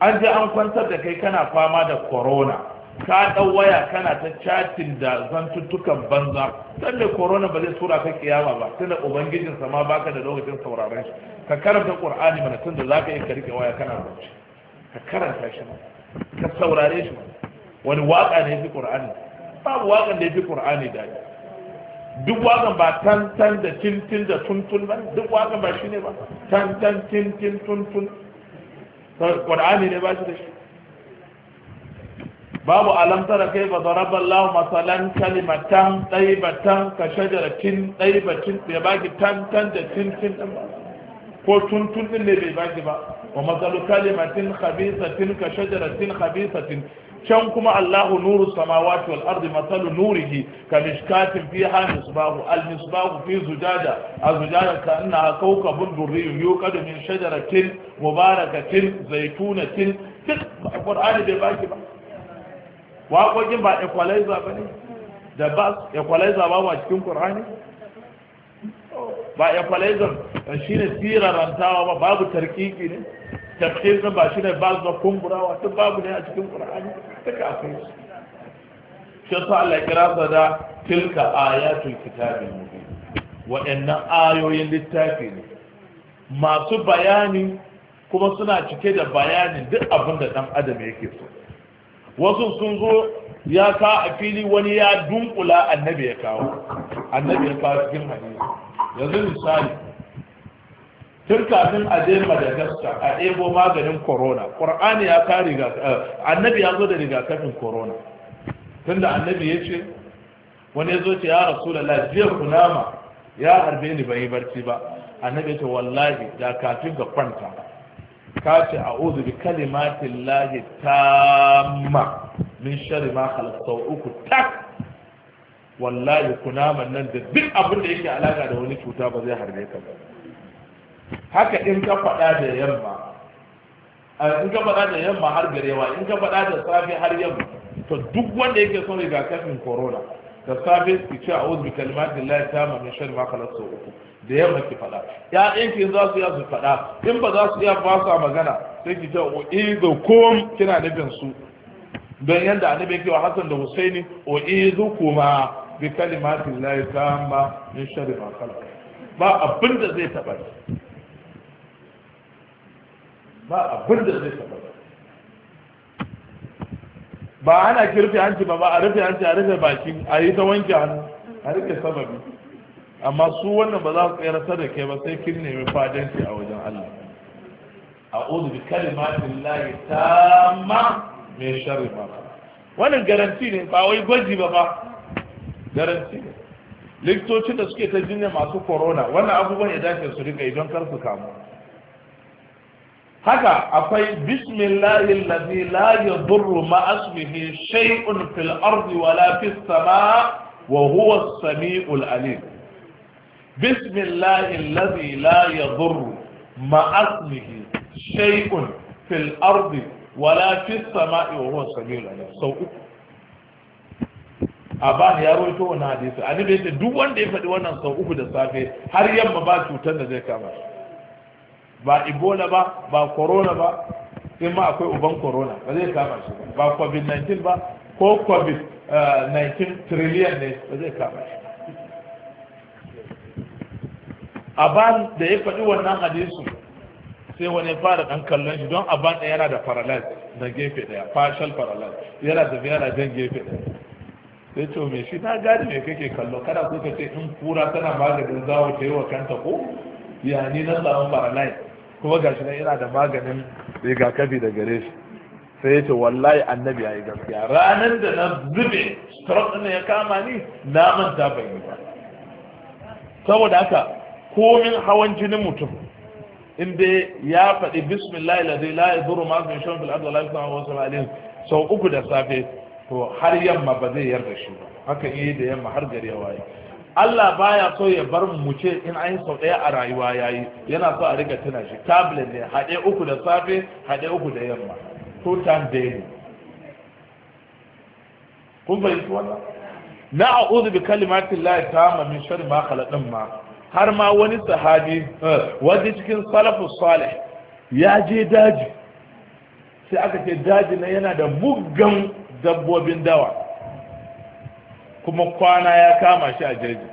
an je an kwantar da kai kana fama da corona ka ɗau waya kana ta chatin da zantuttukan banza dan da corona ba zai tura ka kiyama ba tunda ubangijin sama baka da lokacin sauraron shi ka karanta qur'ani mana tunda ka yi ka rike waya kana bacci ka karanta shi ka saurare shi wani waka ne fi qur'ani babu wakan da fi qur'ani da duk wakan ba tantan da tintin da tuntun ba duk wakan ba shine ba tantan tan tintin tuntun qur'ani ne ba shi da shi babu alamtara kai ba zaraba Allah masalan kalimatan ɗaibatan ka shajaratin ɗaibatin bai baki tantan da tintin ɗin ba ko tuntun ɗin ne bai baki ba wa matsalu kalimatin khabisatin ka shajaratin khabisatin can kuma Allahu nuru samawati wal ardi matsalu nurihi ka mishkatin fiha misbahu al misbahu fi zujada a zujada ka inna kawkabun durriyun yuqadu min shajaratin mubarakatin zaitunatin duk qur'ani bai baki ba waƙoƙin ba equalizer ba ne da ba equalizer ba ba cikin ƙur'ani ba equalizer eh, shi ne tsirarantawa ba babu tarkiki ne tafsir ɗin ba shi ne ba zuwa kumburawa duk babu ne a cikin ƙur'ani duka akwai su shi su Allah kira sa da tilka ayatul kitabin mubin wa'annan ayoyin littafi ne masu bayani kuma suna cike da bayanin duk abin da ɗan adam yake so wasu sun zo ya sa a fili wani ya dunkula annabi ya kawo annabi ya kawo cikin hadisi yanzu misali tun kafin a je madagascar a ebo maganin corona ƙur'ani ya ka eh, annabi ya zo da rigakafin corona tunda annabi ya ce wani ya zo ce ya rasu da lafiyar kunama ya harbe ni bai barci ba annabi ya ce wallahi da kafin ga kwanta ka ce a uzu bi kalimati lahi tamma min shari ma sau uku tak wallahi kunaman nan da duk abin da yake alaka da wani cuta ba zai harbe ka ba haka in ka faɗa da yamma in ka faɗa da yamma har garewa in ka faɗa da safe har yamma to duk wanda yake son rigakafin corona da safe ki ce a uzu bi kalimati lahi tamma min shari ma sau uku da yau ki faɗa ya'yan ki za su iya su faɗa in ba za su iya ba su magana sai ki ta uizu kum kina nufin su don yadda annabi yake wa Hassan da Husaini uizu kuma bi kalimatin lahi tamma min sharri ma khalaq ba abin da zai taba ba abin da zai taba ba ana kirfi hanci ba ba a rufe hanci a rufe baki a yi ta wanke hannu a rufe sababi amma su wannan ba za su tsayar da kai ba sai kin nemi fadanci a wajen Allah a uzu bi kalimatin lahi tamma me sharri ma wannan garanti ne ba wai gwaji ba ba garanti ne likitocin da suke ta jinya masu corona wannan abubuwan ya dace su rika idan kar su kamu haka akwai bismillahi allazi la yadurru ma asmihi shay'un fil ardi wala fis sama wa huwa as-sami'ul alim bismillahi lazila la yadurru ma'asmihi shay'un fil ardi wala fis sama'i wa huwa samiul alim sau uku aban ya rawaito wannan hadisi annabi yace duk wanda ya faɗi wannan sau uku da safe har yamma ba cutar da zai kama shi ba ebola ba ba corona ba in ma akwai uban corona ba zai kama ba covid-19 ba ko covid-19 eh, trillion ne ba zai kama aban da ya faɗi wannan hadisin sai wani fara ɗan kallon shi don aban ɗaya yana da paralyze da gefe ɗaya partial paralyze yana da yana jan gefe ɗaya sai ce me shi na gadi mai kake kallo kada ku ka ce in kura tana maganin zawo ta yi wa kanta ko ya ni na samun paralyze kuma shi nan yana da maganin rigakafi da gare shi sai ya ce wallahi annabi ya yi gaskiya ranar da na zube stroke ɗin ya kama ni na manta ban yi ba saboda haka komin hawan jinin mutum inda ya faɗi bismillah ladai la yadurru ma fi shan bil adwala la wa sallallahu sau uku da safe to har yamma ba zai yarda shi ba haka yi da yamma har gari ya waye Allah baya so ya bar mu mu ce in an sau ɗaya a rayuwa ya yi yana so a riga tuna shi tablet ne haɗe uku da safe haɗe uku da yamma two time daily kun fahimci wannan na a'udhu bi kalimatillahi tamma min sharri ma khalaq ma har ma wani sahabi eh, wani cikin salafus salih ya je daji sai aka ce daji na yana da muggan dabbobin dawa kuma kwana ya kama shi a jeji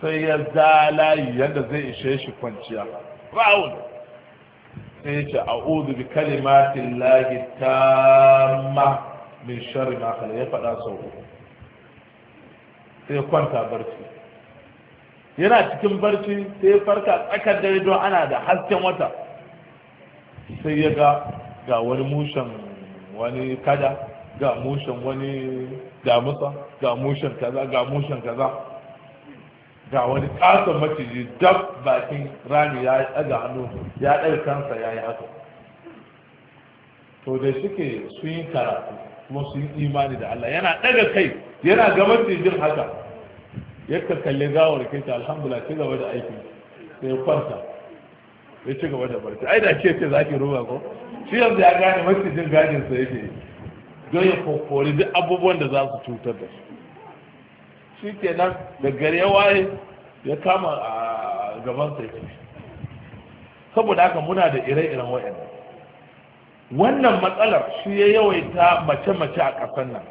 sai ya zala yadda zai ishe shi kwanciya ra'un sai ya ce udu bi kalimatin ta ma min sharri ma ya faɗa sau sai kwanta barci yana cikin barci sai farka tsakar dare don ana da hasken wata sai ya ga ga wani mushen wani kada ga mushen wani damusa ga mushen kaza ga mushen kaza ga wani kasa maciji dab bakin rami ya ɗaga hannu ya ɗaga kansa ya yi haka to da suke sun yi karatu kuma sun yi imani da Allah yana ɗaga kai yana ga macijin haka yadda kalli gawar kai ta alhamdulillah ci gaba da aiki sai ya kwanta ya ci gaba da barci ai da ke ce za ki ruba ko shi yanzu ya gane masjidin gadin sa yake don ya kokori duk abubuwan da za su cutar da shi shi nan da gari ya waye ya kama a gaban sa yake saboda haka muna da ire-iren waɗannan wannan matsalar shi ya yawaita mace-mace a ƙasar nan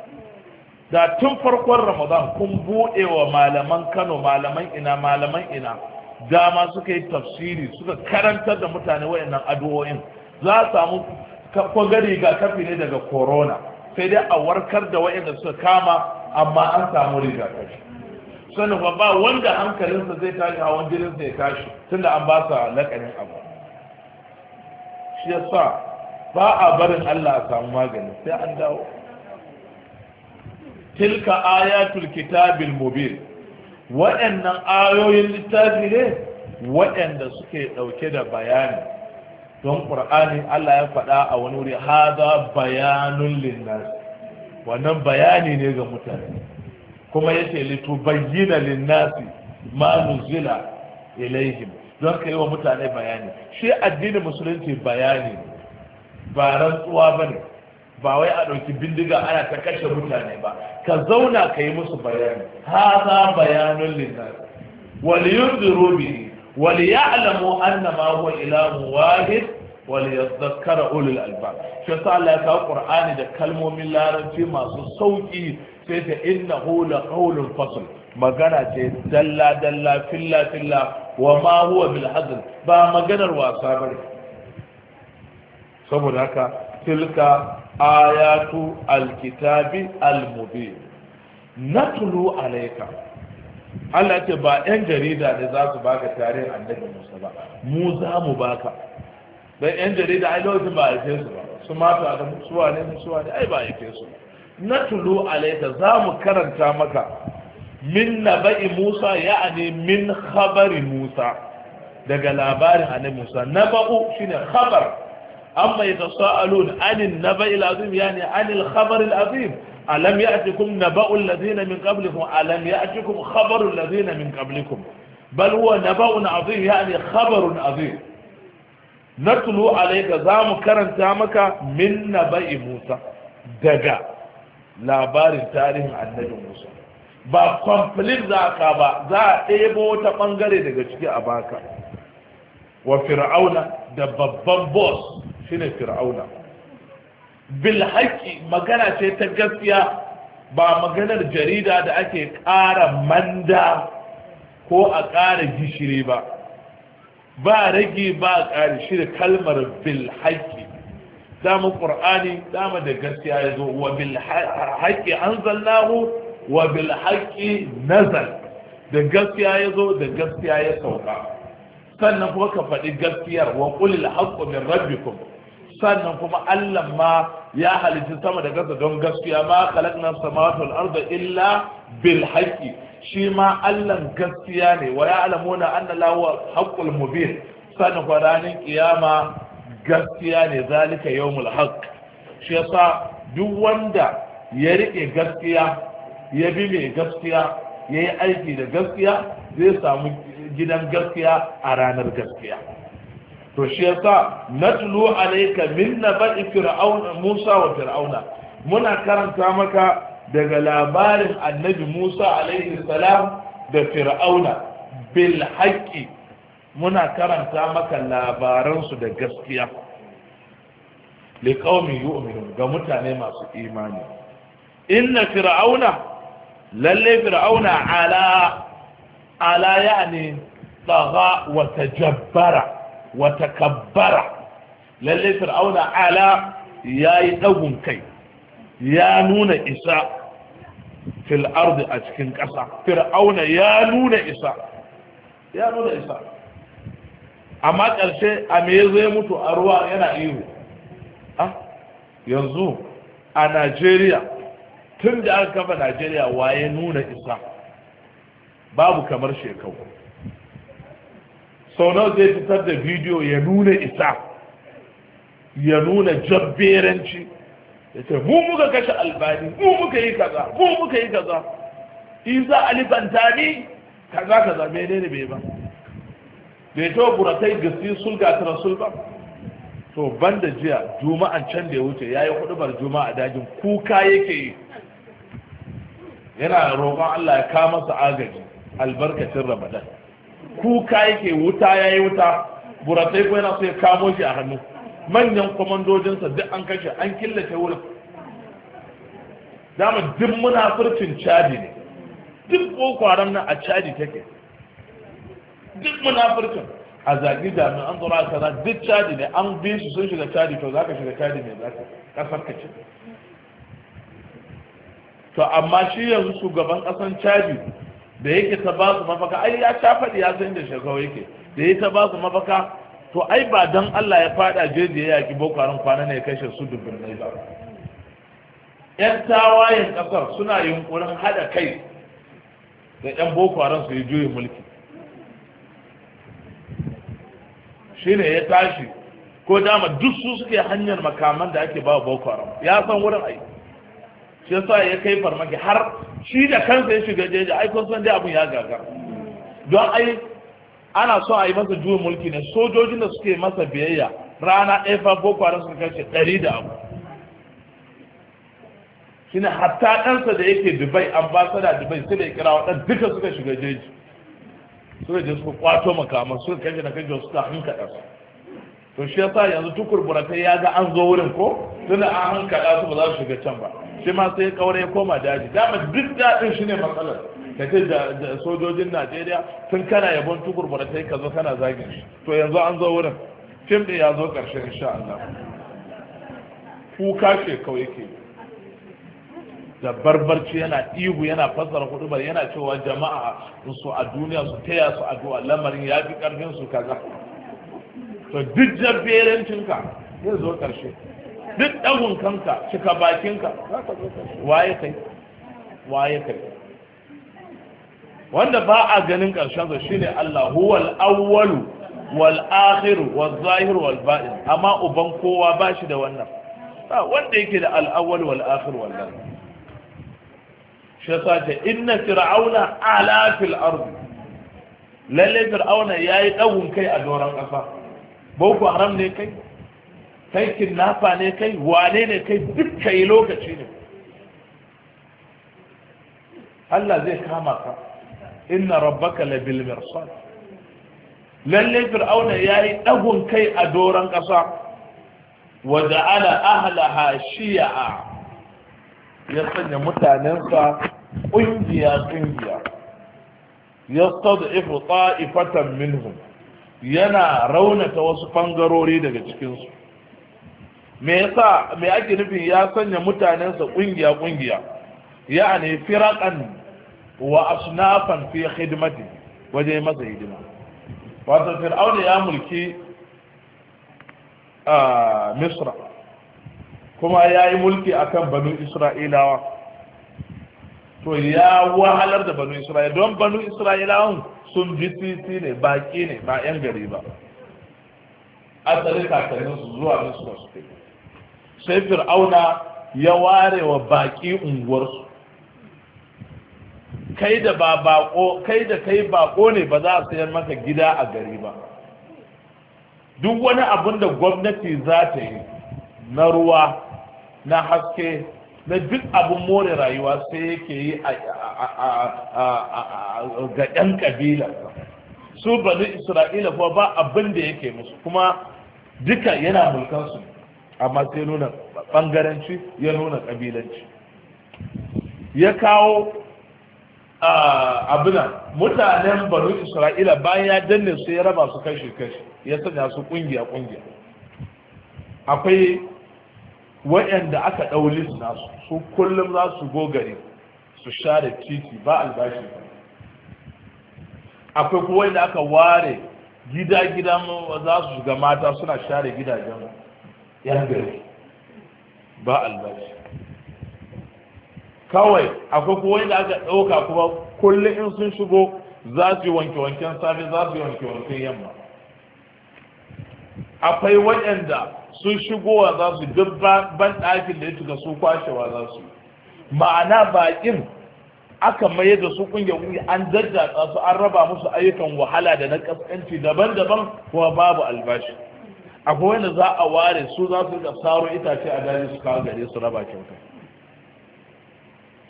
da tun farkon ramadan kun buɗe wa malaman kano malaman ina malaman ina dama suka yi tafsiri suka karantar da mutane wayannan addu'o'in za a samu kwagari ga kafi ne daga corona sai dai a warkar da wayanda suka kama amma an samu rigakafi sannan ba ba wanda hankalinsa zai tashi hawan jininsa ya tashi tunda an ba sa lakanin abu shi yasa ba a barin Allah a samu magani sai an dawo tilka ayatul kitabil mubin waɗannan ayoyin littafi ne waɗanda suke ɗauke da bayani don ƙur'ani Allah ya faɗa a wani wuri haza bayanun linnas wannan bayani ne ga mutane kuma ya ce litubayyina linnasi ma nuzila ilaihim don ka yi wa mutane bayani shi addinin musulunci bayani ba rantsuwa ba ne ba wai a ɗauki bindiga ana ta kashe mutane ba ka zauna ka yi musu bayani haza bayanun lina wal yunziru bihi wal ya'lamu anna ma huwa ilahu wahid wal yadhakkara ulul albab shi yasa Allah ya kawo Qur'ani da kalmomin larabci masu sauki sai ta innahu laqawlun fasl magana ce dalla dalla filla filla wa ma huwa bil hazl ba maganar wasa bane saboda haka tilka ayatu alkitabi almubin natlu alayka Allah ce ba 'yan jarida ne za su baka tarihin annabi Musa ba mu za mu baka dan 'yan jarida ai lokacin ba a yake su ba su mata da su wane ne su wane ai ba a yake su natlu alayka za mu karanta maka min naba'i Musa ya'ani min khabari Musa daga labarin annabi Musa naba'u shine khabar amma yatasaalun anin naba'il azim ya yani anil khabaril azim alam ya'tikum naba'ul lazina min qablikum alam ya'tikum khabarul lazina min qablikum bal huwa naba'un azim ya yani khabarun azim Na alaika za mu karanta maka min naba'i musa daga labarin tarihin annabin musa ba complete za ka ba za a ɗebo wata ɓangare daga ciki a baka wa fir'auna da babban boss shine fir'auna bil magana ce ta gaskiya ba maganar jarida da ake ƙara manda ko a ƙara gishiri ba ba rage ba ƙari shirya kalmar bil dama ƙur'ani dama da gaskiya ya zo wa bil haƙi an zallahu wa bil haƙi nazal da gaskiya ya zo da gaskiya ya sauka sannan kuma ka faɗi gaskiyar wa ƙulil haƙƙo min rabbikum sannan kuma Allah ma ya halitta sama da gasa don gaskiya ma khalaqna samawati wal arda illa bil haqqi shi ma Allah gaskiya ne wa ya'lamuna anna la haqqul mubin sannan kuma ranar kiyama gaskiya ne zalika yawmul haqq shi yasa duk wanda ya rike gaskiya ya bi mai gaskiya ya yi aiki da gaskiya zai samu gidan gaskiya a ranar gaskiya to shi yasa natlu alayka min naba'i fir'auna Musa wa fir'auna muna karanta maka daga labarin annabi Musa alaihi salam da fir'auna bil haqqi muna karanta maka labaransu da gaskiya liqaumin yu'minun ga mutane masu imani inna fir'auna lalle fir'auna ala ala yani tagha wa tajabbara Wata takabbara lalle fir'auna ala ya yi ɗagun kai ya nuna isa fil ardi a cikin ƙasa fir'auna ya nuna isa ya nuna isa amma ƙarshe a me zai mutu a ruwa yana ihu ah, yanzu a Najeriya tun da aka kafa Najeriya waye nuna isa babu kamar shekau sau nawa zai fitar da bidiyo ya nuna isa ya nuna jabberanci ya ce mu muka kashe albani mu muka yi kaza mu muka yi kaza isa alifanta ne kaza kaza menene ne bai ba bai to buratai gasi sulga ta rasul ba to ban da jiya juma'an can da ya wuce ya yi hudubar juma'a dajin kuka yake yi yana roƙon allah ya kama su agaji albarkacin ramadan kuka yake wuta ya yi wuta buratai ko yana so ya kamo shi a hannu manyan kwamandojinsa duk an kashe an killace wurin dama duk muna furcin caji ne duk boko haram nan a caji take duk muna furcin a zaɓi jami'an tsaro a kaza duk caji ne an bi su sun shiga caji to za ka shiga caji ne za ka kasar ka ce to amma shi yanzu shugaban ƙasan caji da yake ta ba su mafaka ai ya sha faɗi ya san da shekau yake da ya ta ba su mafaka to ai ba dan Allah ya faɗa jeji ya yaki boko kwana ne ya kashe su dubin nai ba yan tawayen kasar suna yunkurin haɗa kai da yan boko haram su yi juyin mulki shine ya tashi ko dama duk su suke hanyar makaman da ake ba boko haram ya san wurin aiki shi yasa ya kai farmaki har shi da kansa ya shiga jeji ai kun san dai abun ya gagar don ai ana so a yi masa juyin mulki ne sojojin da suke masa biyayya rana ɗaya fa boko haram suka kashe ɗari da abu shine hatta ɗansa da yake dubai ambasada dubai sai da ya kira waɗanda duka suka shiga jeji suka je suka kwato makaman suka kashe na kashe suka hankaɗa su to shi yasa yanzu tukur burakai ya ga an zo wurin ko tunda an hankaɗa su ba za su shiga can ba shi ma sai kaure ya koma daji dama duk daɗin shi ne matsalar ka ce da sojojin najeriya sun kana yabon tukurbura sai ka zo kana zagin to yanzu an zo wurin fim ɗin ya zo ƙarshe insha Allah kuka ce kawai ke da barbarci yana ihu yana fassara bari yana cewa jama'a su a duniya su taya su addu'a lamarin ya fi ƙarfin su kaza to duk jabberancinka zai zo ƙarshe duk ɗagun kanka cika bakinka waye kai waye kai wanda ba a ganin ƙarshen sa shine Allah huwal awwalu wal akhiru wal zahir wal batin amma uban kowa ba shi da wannan wanda yake da al awwal wal akhir wal batin shi yasa ta inna fir'auna ala fil ardi lalle fir'auna yayi ɗagun kai a doron ƙasa boko haram ne kai kai kinnafa ne kai wane ne kai duk yi lokaci ne Allah zai kama ka inna rabbaka labil mirsad lalle fir'auna yayi dagun kai a doran kasa wa ja'ala ahlaha shi'a ya sanya sa kungiya kungiya yastad'ifu ta'ifatan minhum yana raunata wasu bangarori daga cikinsu me yasa me ake nufi ya sanya mutanensa kungiya kungiya ya'ani firaqan wa asnafan fi khidmati waje masa hidima wato fir'auna ya mulki a misra kuma ya yi mulki akan banu isra'ilawa to ya wahalar da banu isra'ila don banu isra'ilawa sun titi ne baki ne ba 'yan gari ba asalin kakanninsu zuwa misra su sai fir'auna ya ware wa baƙi unguwarsu kai da ba bako kai da kai bako ne ba za a sayar maka gida a gari ba duk wani abun da gwamnati za ta yi na ruwa na haske na duk abun more rayuwa sai yake yi ga 'yan ƙabila. su bani isra'ila kuma ba abin da yake musu kuma duka yana mulkansu amma sai nuna bangaranci ya nuna kabilanci ya kawo abuna mutanen banu isra'ila bayan ya danne su ya raba su kashe kashi ya sanya su kungiya kungiya akwai wa'anda aka ɗau su, nasu su kullum za su gogare su share titi ba albashi akwai kuwa da aka ware gida-gida za su shiga mata suna share gidajen yan gari ba albashi kawai akwai kuwa wanda aka ɗauka kuma kullum in sun shigo za su yi wanke-wanken safe za su yi wanke-wanken yamma akwai waɗanda sun shigowa za su duk ban ɗakin da ya tuka su kwashewa za su yi ma'ana baƙin aka maye da su ƙungiyar ƙungiyar an jajjatsa su an raba musu ayyukan wahala da na ƙasƙanci daban-daban kuma babu albashi akwai wanda za a ware su za su tsaro itace a daji su kawo gare su raba kyauta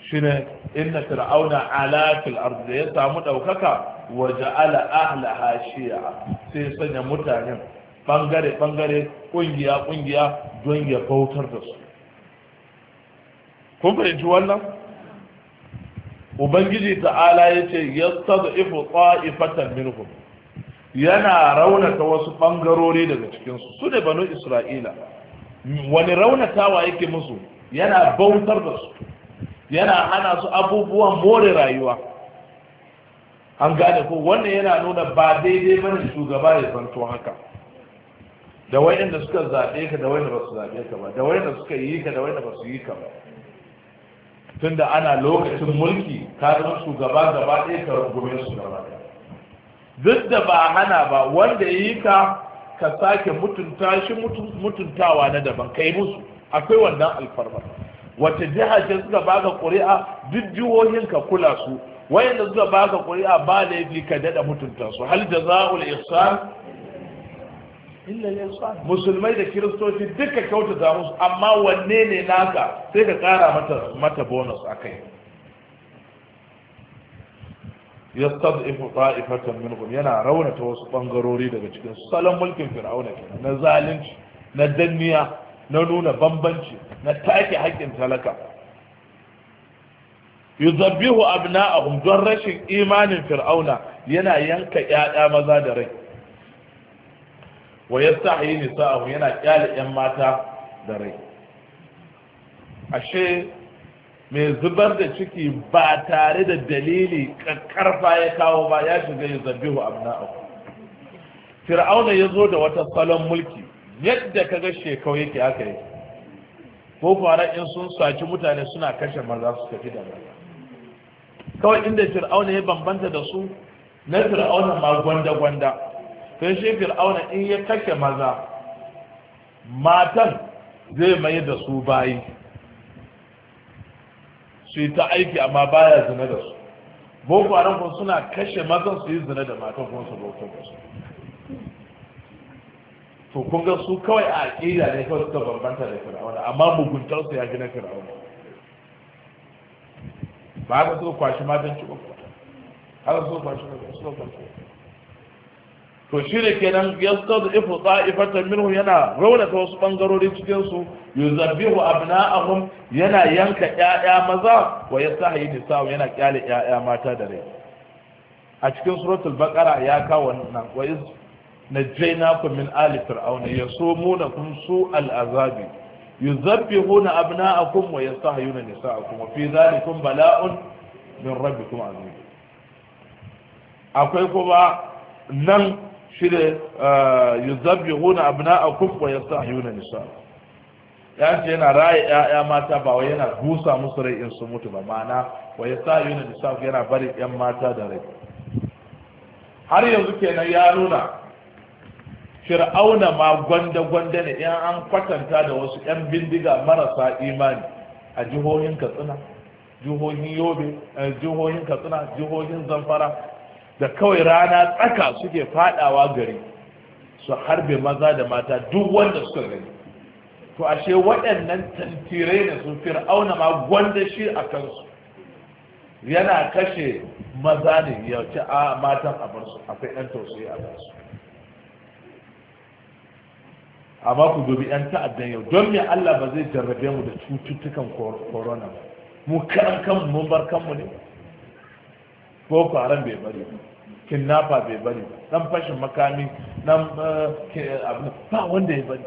shine inna fir'auna ala fil ard da ya samu ɗaukaka wa ja'ala ahla hashiya sai sanya mutanen bangare bangare kungiya kungiya don ya bautar da su kun fahimci wannan ubangiji ta'ala yace yastadifu qa'ifatan minhum yana raunata wasu bangarori daga cikinsu su da banu isra'ila wani raunatawa yake musu yana bautar da su yana hana su abubuwan more rayuwa an gane ko wannan yana nuna ba daidai bane shugaba ya zanto haka da wayanda suka zaɓe ka da wayanda ba su zaɓe ka ba da wayanda suka yi ka da wayanda ba su yi ka ba tunda ana lokacin mulki ka zama shugaba gaba ɗaya ka rungume su gaba ɗaya duk da ba hana ba wanda yi ka ka sake mutunta shi mutuntawa na daban kai musu akwai wannan alfarma wata jiha ce suka baka ƙuri'a duk jihohin ka kula su wayanda suka baka ƙuri'a ba yi ka dada mutunta su hal jaza'ul ihsan illa ihsan musulmai da kiristoci duka kyautata musu amma wanne ne naka sai ka kara mata mata bonus akai yastad'ifu ta'ifatan minhum yana raunata wasu bangarori daga cikin salon mulkin fir'auna na zalunci na danniya na nuna bambanci na take haƙƙin talaka yuzabbihu abna'ahum don rashin imanin fir'auna yana yanka ƴaƴa maza da rai wa yastahyi nisa'ahum yana kyale ƴan mata da rai ashe mai zubar da ciki ba tare da dalili karfa ya kawo ba ya shiga ya zabihu abna'ahu fir'auna ya zo da wata salon mulki yadda ga shekau yake haka yake ko fara in sun saci mutane suna kashe maza su tafi da maza kawai inda fir'auna ya bambanta da su na fir'auna ma gwanda-gwanda sai shi fir'auna in ya kashe maza matan zai mai da su bayi su yi ta aiki amma baya zina da su boko haram kuma suna kashe mazan su yi zina da matan kuma su boko da su to kun ga su kawai a aƙida ne kawai suka bambanta da fir'auna amma muguntar su ya gina fir'auna ba haka suka kwashi matan ci ba haka suka kwashi matan suka kwashi to shi ne kenan yastad ifu ta'ifatan minhu yana raunata wasu bangarori cikin su yuzabbihu abna'ahum yana yanka ƴaƴa maza wa yastahi nisa'u yana kyale ƴaƴa mata da rai a cikin suratul baqara ya kawo wannan wa iz najaynakum min ali fir'auna yasumunakum su'al azabi yuzabbihuna abna'akum wa yastahiyuna nisa'akum wa fi dhalikum bala'un min rabbikum azim akwai kuma nan shi ne eh, yuzabbihuna abna'akum wa yastahiyuna nisa ya ce yana raye ƴaƴa mata ba wai yana busa musu rai in su mutu ba ma'ana wa yastahiyuna nisa yana bari yan mata da rai har yanzu kenan ya nuna fir'auna ma gwanda-gwanda ne in an kwatanta da wasu 'yan bindiga marasa imani a jihohin katsina jihohin yobe eh, jihohin katsina jihohin zamfara da kawai rana tsaka suke fadawa gari su harbe maza da mata duk wanda suka gani to ashe waɗannan tantirai da sun fir'auna ma gwanda shi a kansu yana kashe maza ne ya ci a matan a bar su akwai ɗan tausayi a bar su amma ku dubi ɗan ta'addan yau don me Allah ba zai jarrabe mu da cututtukan corona ba mu kan kanmu mun bar kanmu ne boko haram bai bari kinnafa bai bari dan fashin makami dan eh, abu ba wanda ya bari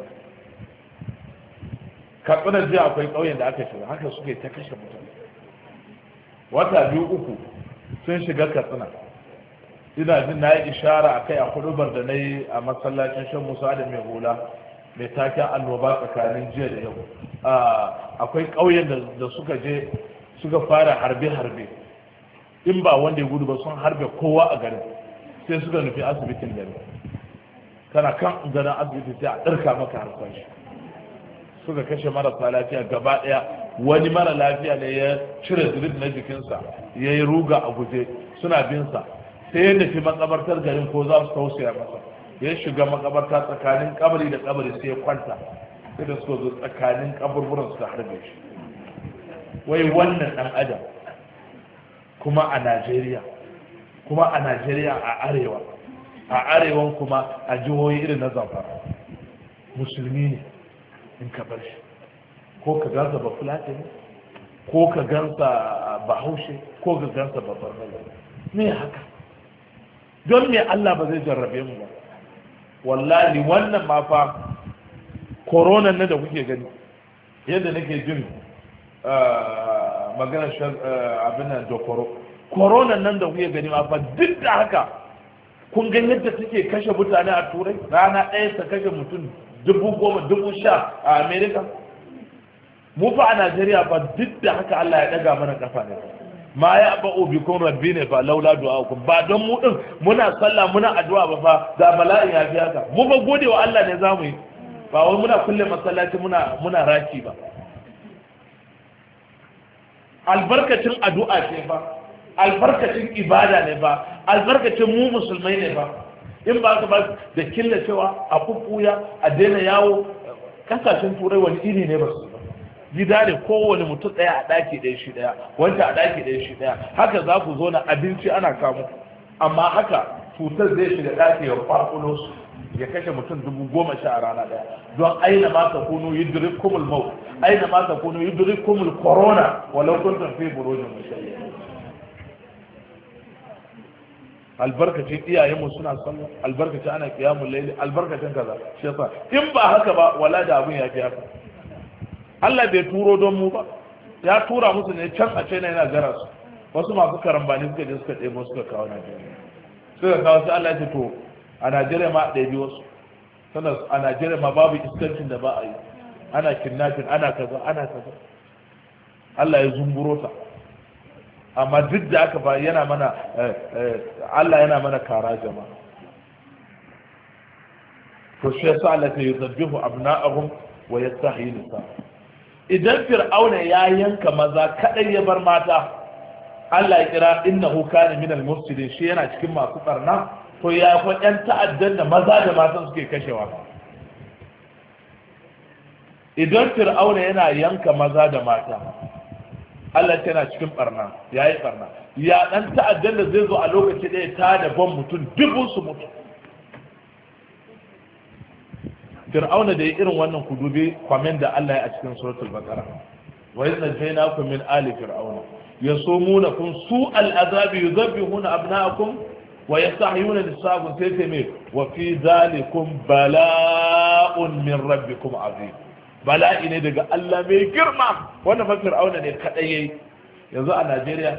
katsina jiya akwai ƙauyen da aka shiga haka suke ta kashe mutane wata biyu uku sun shiga katsina ina jin na yi ishara a kai a kudubar da na yi a masallacin shan musa da mai hula mai taken annoba tsakanin jiya da yau ah, akwai ƙauyen da suka je suka fara harbe-harbe in ba wanda ya gudu ba sun harbe kowa a garin sai suka nufi asibitin gari tana kan ganin asibiti sai a ɗarka maka harkar shi suka kashe marasa lafiya gaba ɗaya wani mara lafiya ne ya cire zirin na jikinsa ya yi ruga a guje suna binsa sai ya nufi makabartar garin ko za su tausaya masa ya shiga makabarta tsakanin kabari da kabari sai ya kwanta sai da suka zo tsakanin kaburburan suka harbe shi wai wannan ɗan adam kuma a najeriya kuma a najeriya a arewa a arewan kuma a jihohi irin na zamfara musulmi ne in ka bar shi ko ka gansa ba ne, ko ka gansa bahaushe ko ka gansa babbar mai me haka don me allah ba zai jarrabe mu ba wallahi wannan ma fa koronan na da kuke gani yadda nake jin ah, maganar eh, abin nan da koro korona nan da kuke gani ba duk da haka kun gan yadda suke kashe mutane a turai rana ɗaya ta kashe mutum dubu goma dubu sha a amerika mu fa a najeriya ba duk da haka allah ya ɗaga mana ƙafa ne ma ya ba obi kun rabbi ne ba laula du'a ku ba don mu din muna sallah muna addu'a ba fa da bala'in ya fi haka mu ba gode wa allah ne zamu yi ba wai muna kulle masallaci muna muna raki ba albarkacin addu'a ce ba albarkacin ibada ne ba albarkacin mu musulmai ne ba in ba ka ba da killacewa a kukkuya a daina yawo kasashen turai wani iri ne ba su ba gida ne kowane mutum ɗaya a ɗaki ɗaya shi ɗaya wanda a ɗaki ɗaya shi ɗaya haka za ku zo na abinci ana kamu amma haka cutar zai shiga ɗaki ya kwakulo su ya kashe mutum dubu goma sha a rana daya don aina ma ta kuno yudrik kumul maut aina ma ta kuno yudrik kumul corona walau kuntum fi burujin mushayyad albarkacin iyayenmu suna son albarkacin ana kiyamun laili albarkacin kaza shi yasa in ba haka ba wala da abin ya fi haka Allah bai turo don mu ba ya tura musu ne can a China yana gara su wasu masu karambani suka je suka ɗebo suka kawo na Najeriya suka kawo sai Allah ya ce to a najeriya ma a ɗabi wasu sannan a najeriya ma babu iskancin da ba a yi ana kidnapping ana kaza ana kaza allah ya zumburo ta amma duk da aka ba yana mana eh, eh, allah yana mana kara jama'a to shi yasa allah ta yuzabbihu abna'ahum wa ya sa yi nisa idan fir'auna ya yanka maza kaɗai ya bar mata Allah ya kira innahu kana minal mufsidin shi yana cikin masu barna to ya kwa yan ta'addan da maza da matan suke kashewa idan fir'auna yana yanka maza da mata Allah tana cikin barna ya yi barna ya ɗan ta'addan da zai zo a lokaci ɗaya ta da ban mutum dubun su mutu fir'auna da ya irin wannan ku dubi kwamin da Allah ya a cikin suratul bakara wa yadnajainakum min ali fir'auna yasumunakum su'al azabi yuzabbihuna abna'akum wa yastahyuna lisabu sai sai me wa fi zalikum bala'un min rabbikum azim bala'i ne daga Allah mai girma wanda fa auna ne kadai yayi yanzu a Najeriya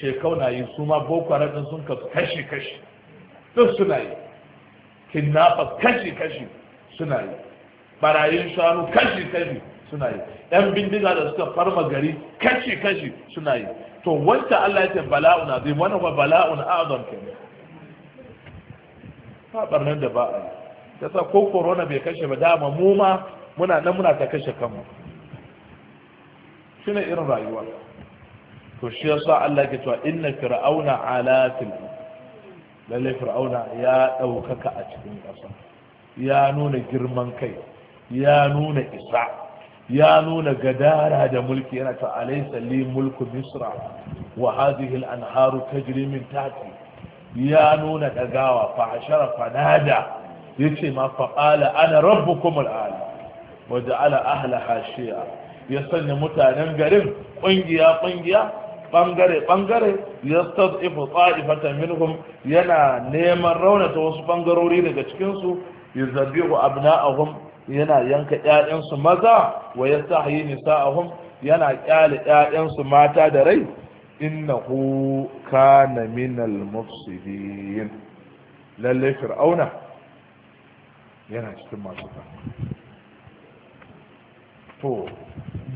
shekau na yi su ma boko haram sun kasu kashi kashi duk suna yi kidnappers kashi kashi suna yi barayin shanu kashi kashi suna yi yan bindiga da suka farma gari kashi kashi suna yi to wanda Allah ya ce bala'un azim wannan fa bala'un azam kenan ba da ba a yi ta sa ko korona bai kashe ba dama mu ma muna nan muna ta kashe kanmu shi ne irin rayuwa to shi yasa Allah ke cewa inna fir'auna ala fil lalle fir'auna ya ɗaukaka a cikin ƙasa ya nuna girman kai ya nuna isa ya nuna gadara da mulki yana ta alaysa li mulku misra wa hadhihi al anharu tajri min tahti ya nuna dagawa fa ashara fanada yace ma fa ana rabu rabbukum al'ala wa ja'ala ahlaha shi'a ya sanya mutanen garin kungiya ɓangare bangare bangare yastadifu ta'ifatan minhum yana neman raunata wasu ɓangarori daga cikin su yuzabihu abna'ahum yana yanka ƴaƴansu maza wa nisa nisa'ahum yana ƙyale ƴaƴansu mata da rai innahu kana minal mufsidin lalle fir'auna yana cikin masu to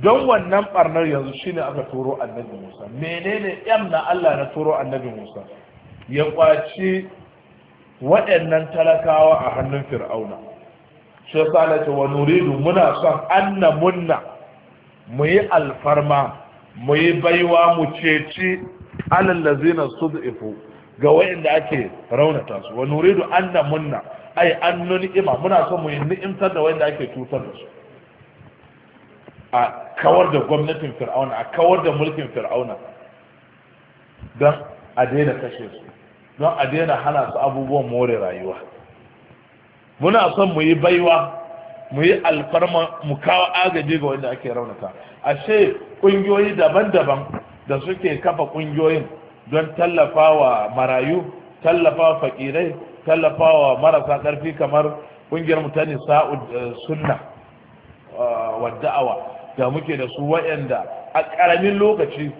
don wannan barnar yanzu shine aka turo annabi Musa menene 'yam na Allah na turo annabi Musa ya kwaci waɗannan talakawa a hannun fir'auna shi yasa Allah wa nuridu muna son anna munna mu yi alfarma Muyi baiwa mu ceci alallazina sud'ifu ga da ake raunata su wa nuridu da munna ai an ima muna so mu yi ni'imtar da da ake cutar da su a kawar da gwamnatin fir'auna a kawar da mulkin fir'auna don a daina kashe su don a daina hana su abubuwan more rayuwa muna son mu yi baiwa mu yi alfarma mu kawo agaji ga wanda ake raunata ashe ƙungiyoyi daban-daban da suke kafa ƙungiyoyin don tallafawa marayu tallafawa fakirai tallafawa marasa ƙarfi kamar ƙungiyarmu mutane sa'ud eh, sunna eh, wa da'awa da muke da su waɗanda a ƙaramin lokaci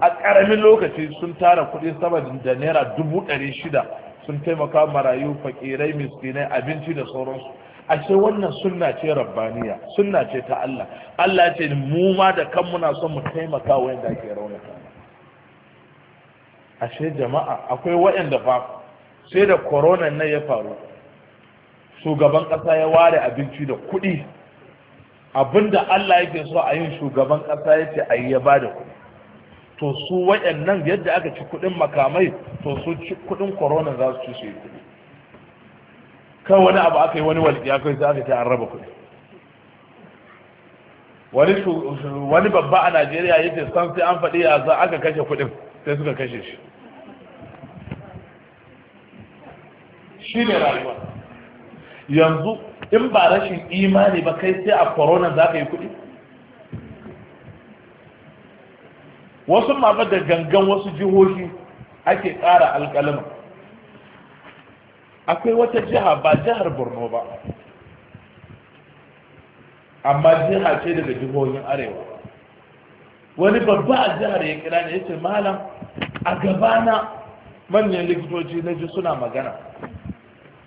a karamin lokaci sun tara kuɗi sama da naira dubu ɗari shida sun taimaka marayu fakirai miskinai abinci da sauransu ashe wannan sunna ce rabbaniya sunna ce ta Allah Allah ce mu ma da kan muna son mu taimaka wa yanda ake a ashe jama'a akwai waɗanda fa sai da corona nan ya faru shugaban ƙasa ya ware abinci da kuɗi abinda Allah yake so a yin shugaban ƙasa yace ce a ya bada kuɗi to su waɗannan yadda aka ci kuɗin makamai to su kuɗin corona za su ci su yi kuɗi kan wani abu aka yi wani walƙiya kai sai aka ce an raba kuɗi wani wani babba a Najeriya yace san sai an faɗi a za aka kashe kuɗin sai suka kashe shi shi ne rayuwa yanzu in ba rashin imani ba kai sai a corona za ka yi kuɗi wasu ma da gangan wasu jihohi ake ƙara alƙalama akwai wata jiha ba jihar borno ba amma jiha ce daga jihohin arewa wani babba a jihar ya kira ne ya ce malam a gabana manyan likitoci na ji suna magana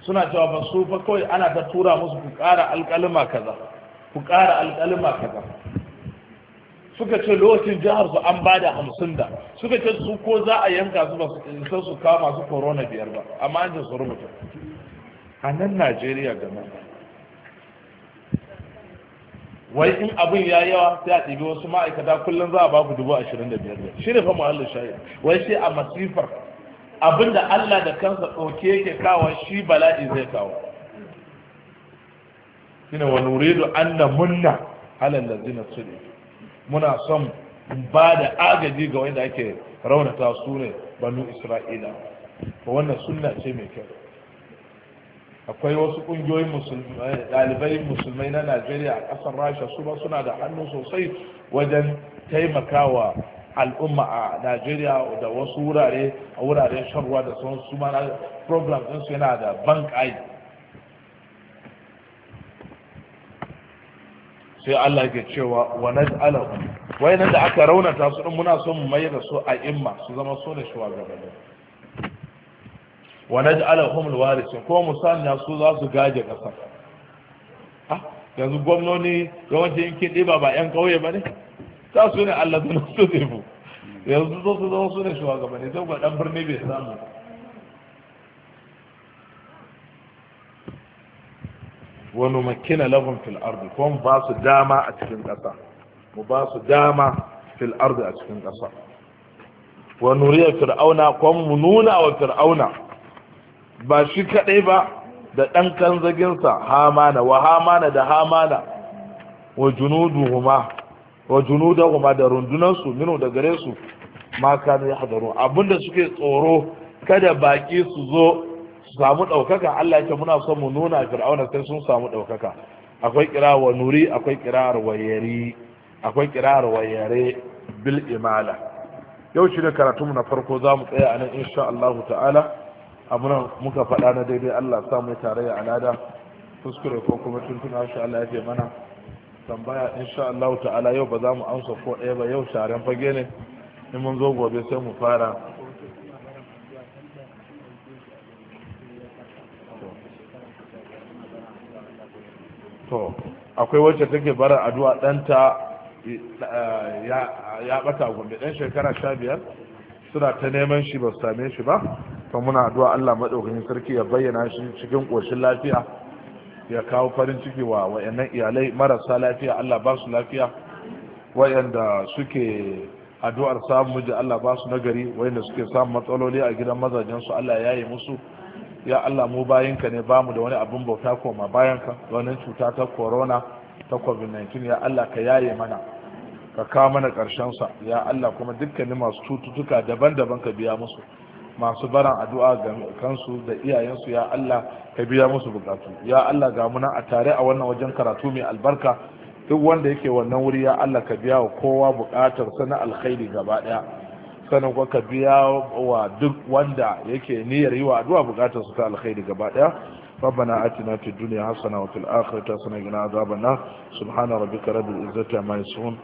suna cewa ba su fa kawai ana ta tura musu ku ƙara alkalima kaza ku kara alkalima kaza suka ce lokacin jihar su an bada hamsin da suka ce su ko za a yanka su ba su su kawo masu korona biyar ba amma an su rubuta a nan najeriya nan wai in abin ya yawa sai a ɗibi wasu ma'aikata kullum za a ba ku dubu ashirin da biyar shi ne fa muhallin shayi wai sai a masifar abin da allah da kansa ɗauke yake kawo shi bala'i zai kawo ne wani wuri wuridu an na munna zina su ne. muna son ba da agaji ga wanda ake raunata su ne banu isra'ila wannan suna ce mai kyau akwai wasu kungiyoyin musulmai dalibai eh, musulmai na najeriya a kasar rasha su ba suna da hannu sosai wajen taimakawa al'umma a najeriya da wasu wurare a wuraren sharwa da sun su ma program ɗinsu yana da bank sai Allah ke cewa wa naj'alahu wayannan da aka raunata su din muna son mu mai da su a imma su zama so ne shi wa naj'alahum alwarisin ko mu sanya su za su gaje kasa ah yanzu gwamnoni yawanci in kin diba ba yan kauye bane ta su ne Allah zai su yanzu su zama su ne shugabanni sai ga dan birni bai samu wani makina lahum fil'ardu ardi kuma ba su dama a cikin ƙasa mu ba su dama fil'ardu a cikin ƙasa wa nuriya fir'auna kuma mu nuna wa fir'auna ba shi kaɗai ba da ɗan kanzaginsa hamana wa hamana da hamana wa junuduhuma wa junudahuma da rundunansu minu da gare su ma kanu ya hadaru abinda suke tsoro kada baƙi su zo samu ɗaukaka Allah yake muna son mu nuna fir'auna sai sun samu ɗaukaka akwai kira wa nuri akwai wa wayari akwai wa wayare bil imala yau shi ne karatunmu na farko za mu tsaya a nan insha Allah ta'ala amuran muka faɗa na daidai Allah sa mu tarayya alada kuskure ko kuma tuntuna shi Allah ya mana tambaya insha Allah ta'ala yau ba za mu amsa ko ɗaya ba yau sharen fage ne in mun zo gobe sai mu fara to akwai wacce take bara addu'a ɗanta eh, ya bata gombe ɗan shekara sha biyar suna ta neman shi ba su same shi ba to muna addu'a Allah maɗaukakin sarki ya bayyana shi cikin ƙoshin lafiya ya kawo farin ciki wa wayannan iyalai marasa lafiya Allah ba su lafiya wayanda suke addu'ar samun miji Allah ba su nagari wayanda suke samu matsaloli a gidan mazajen su Allah ya yi musu ya Allah mu bayinka ne ba mu da wani abin bauta koma bayanka wani cuta ta corona ta covid-19 ya Allah ka yaye mana ka kawo mana karshen sa ya Allah kuma dukkanin masu cututtuka daban-daban ka biya musu masu baran addu'a ga kansu da iyayensu ya Allah ka biya musu bukatu ya Allah ga muna a tare a wannan wajen karatu mai albarka duk wanda yake wannan wuri ya Allah ka biya wa kowa bukatar na alkhairi gaba daya sanin ka biya wa duk wanda yake niyar yi wa addu’a bukatar su ta alkhairi gaba daya babbana a tinatun duniya hasana wa fil’akhirta suna gina na subhana wa bikara da izzata mai sun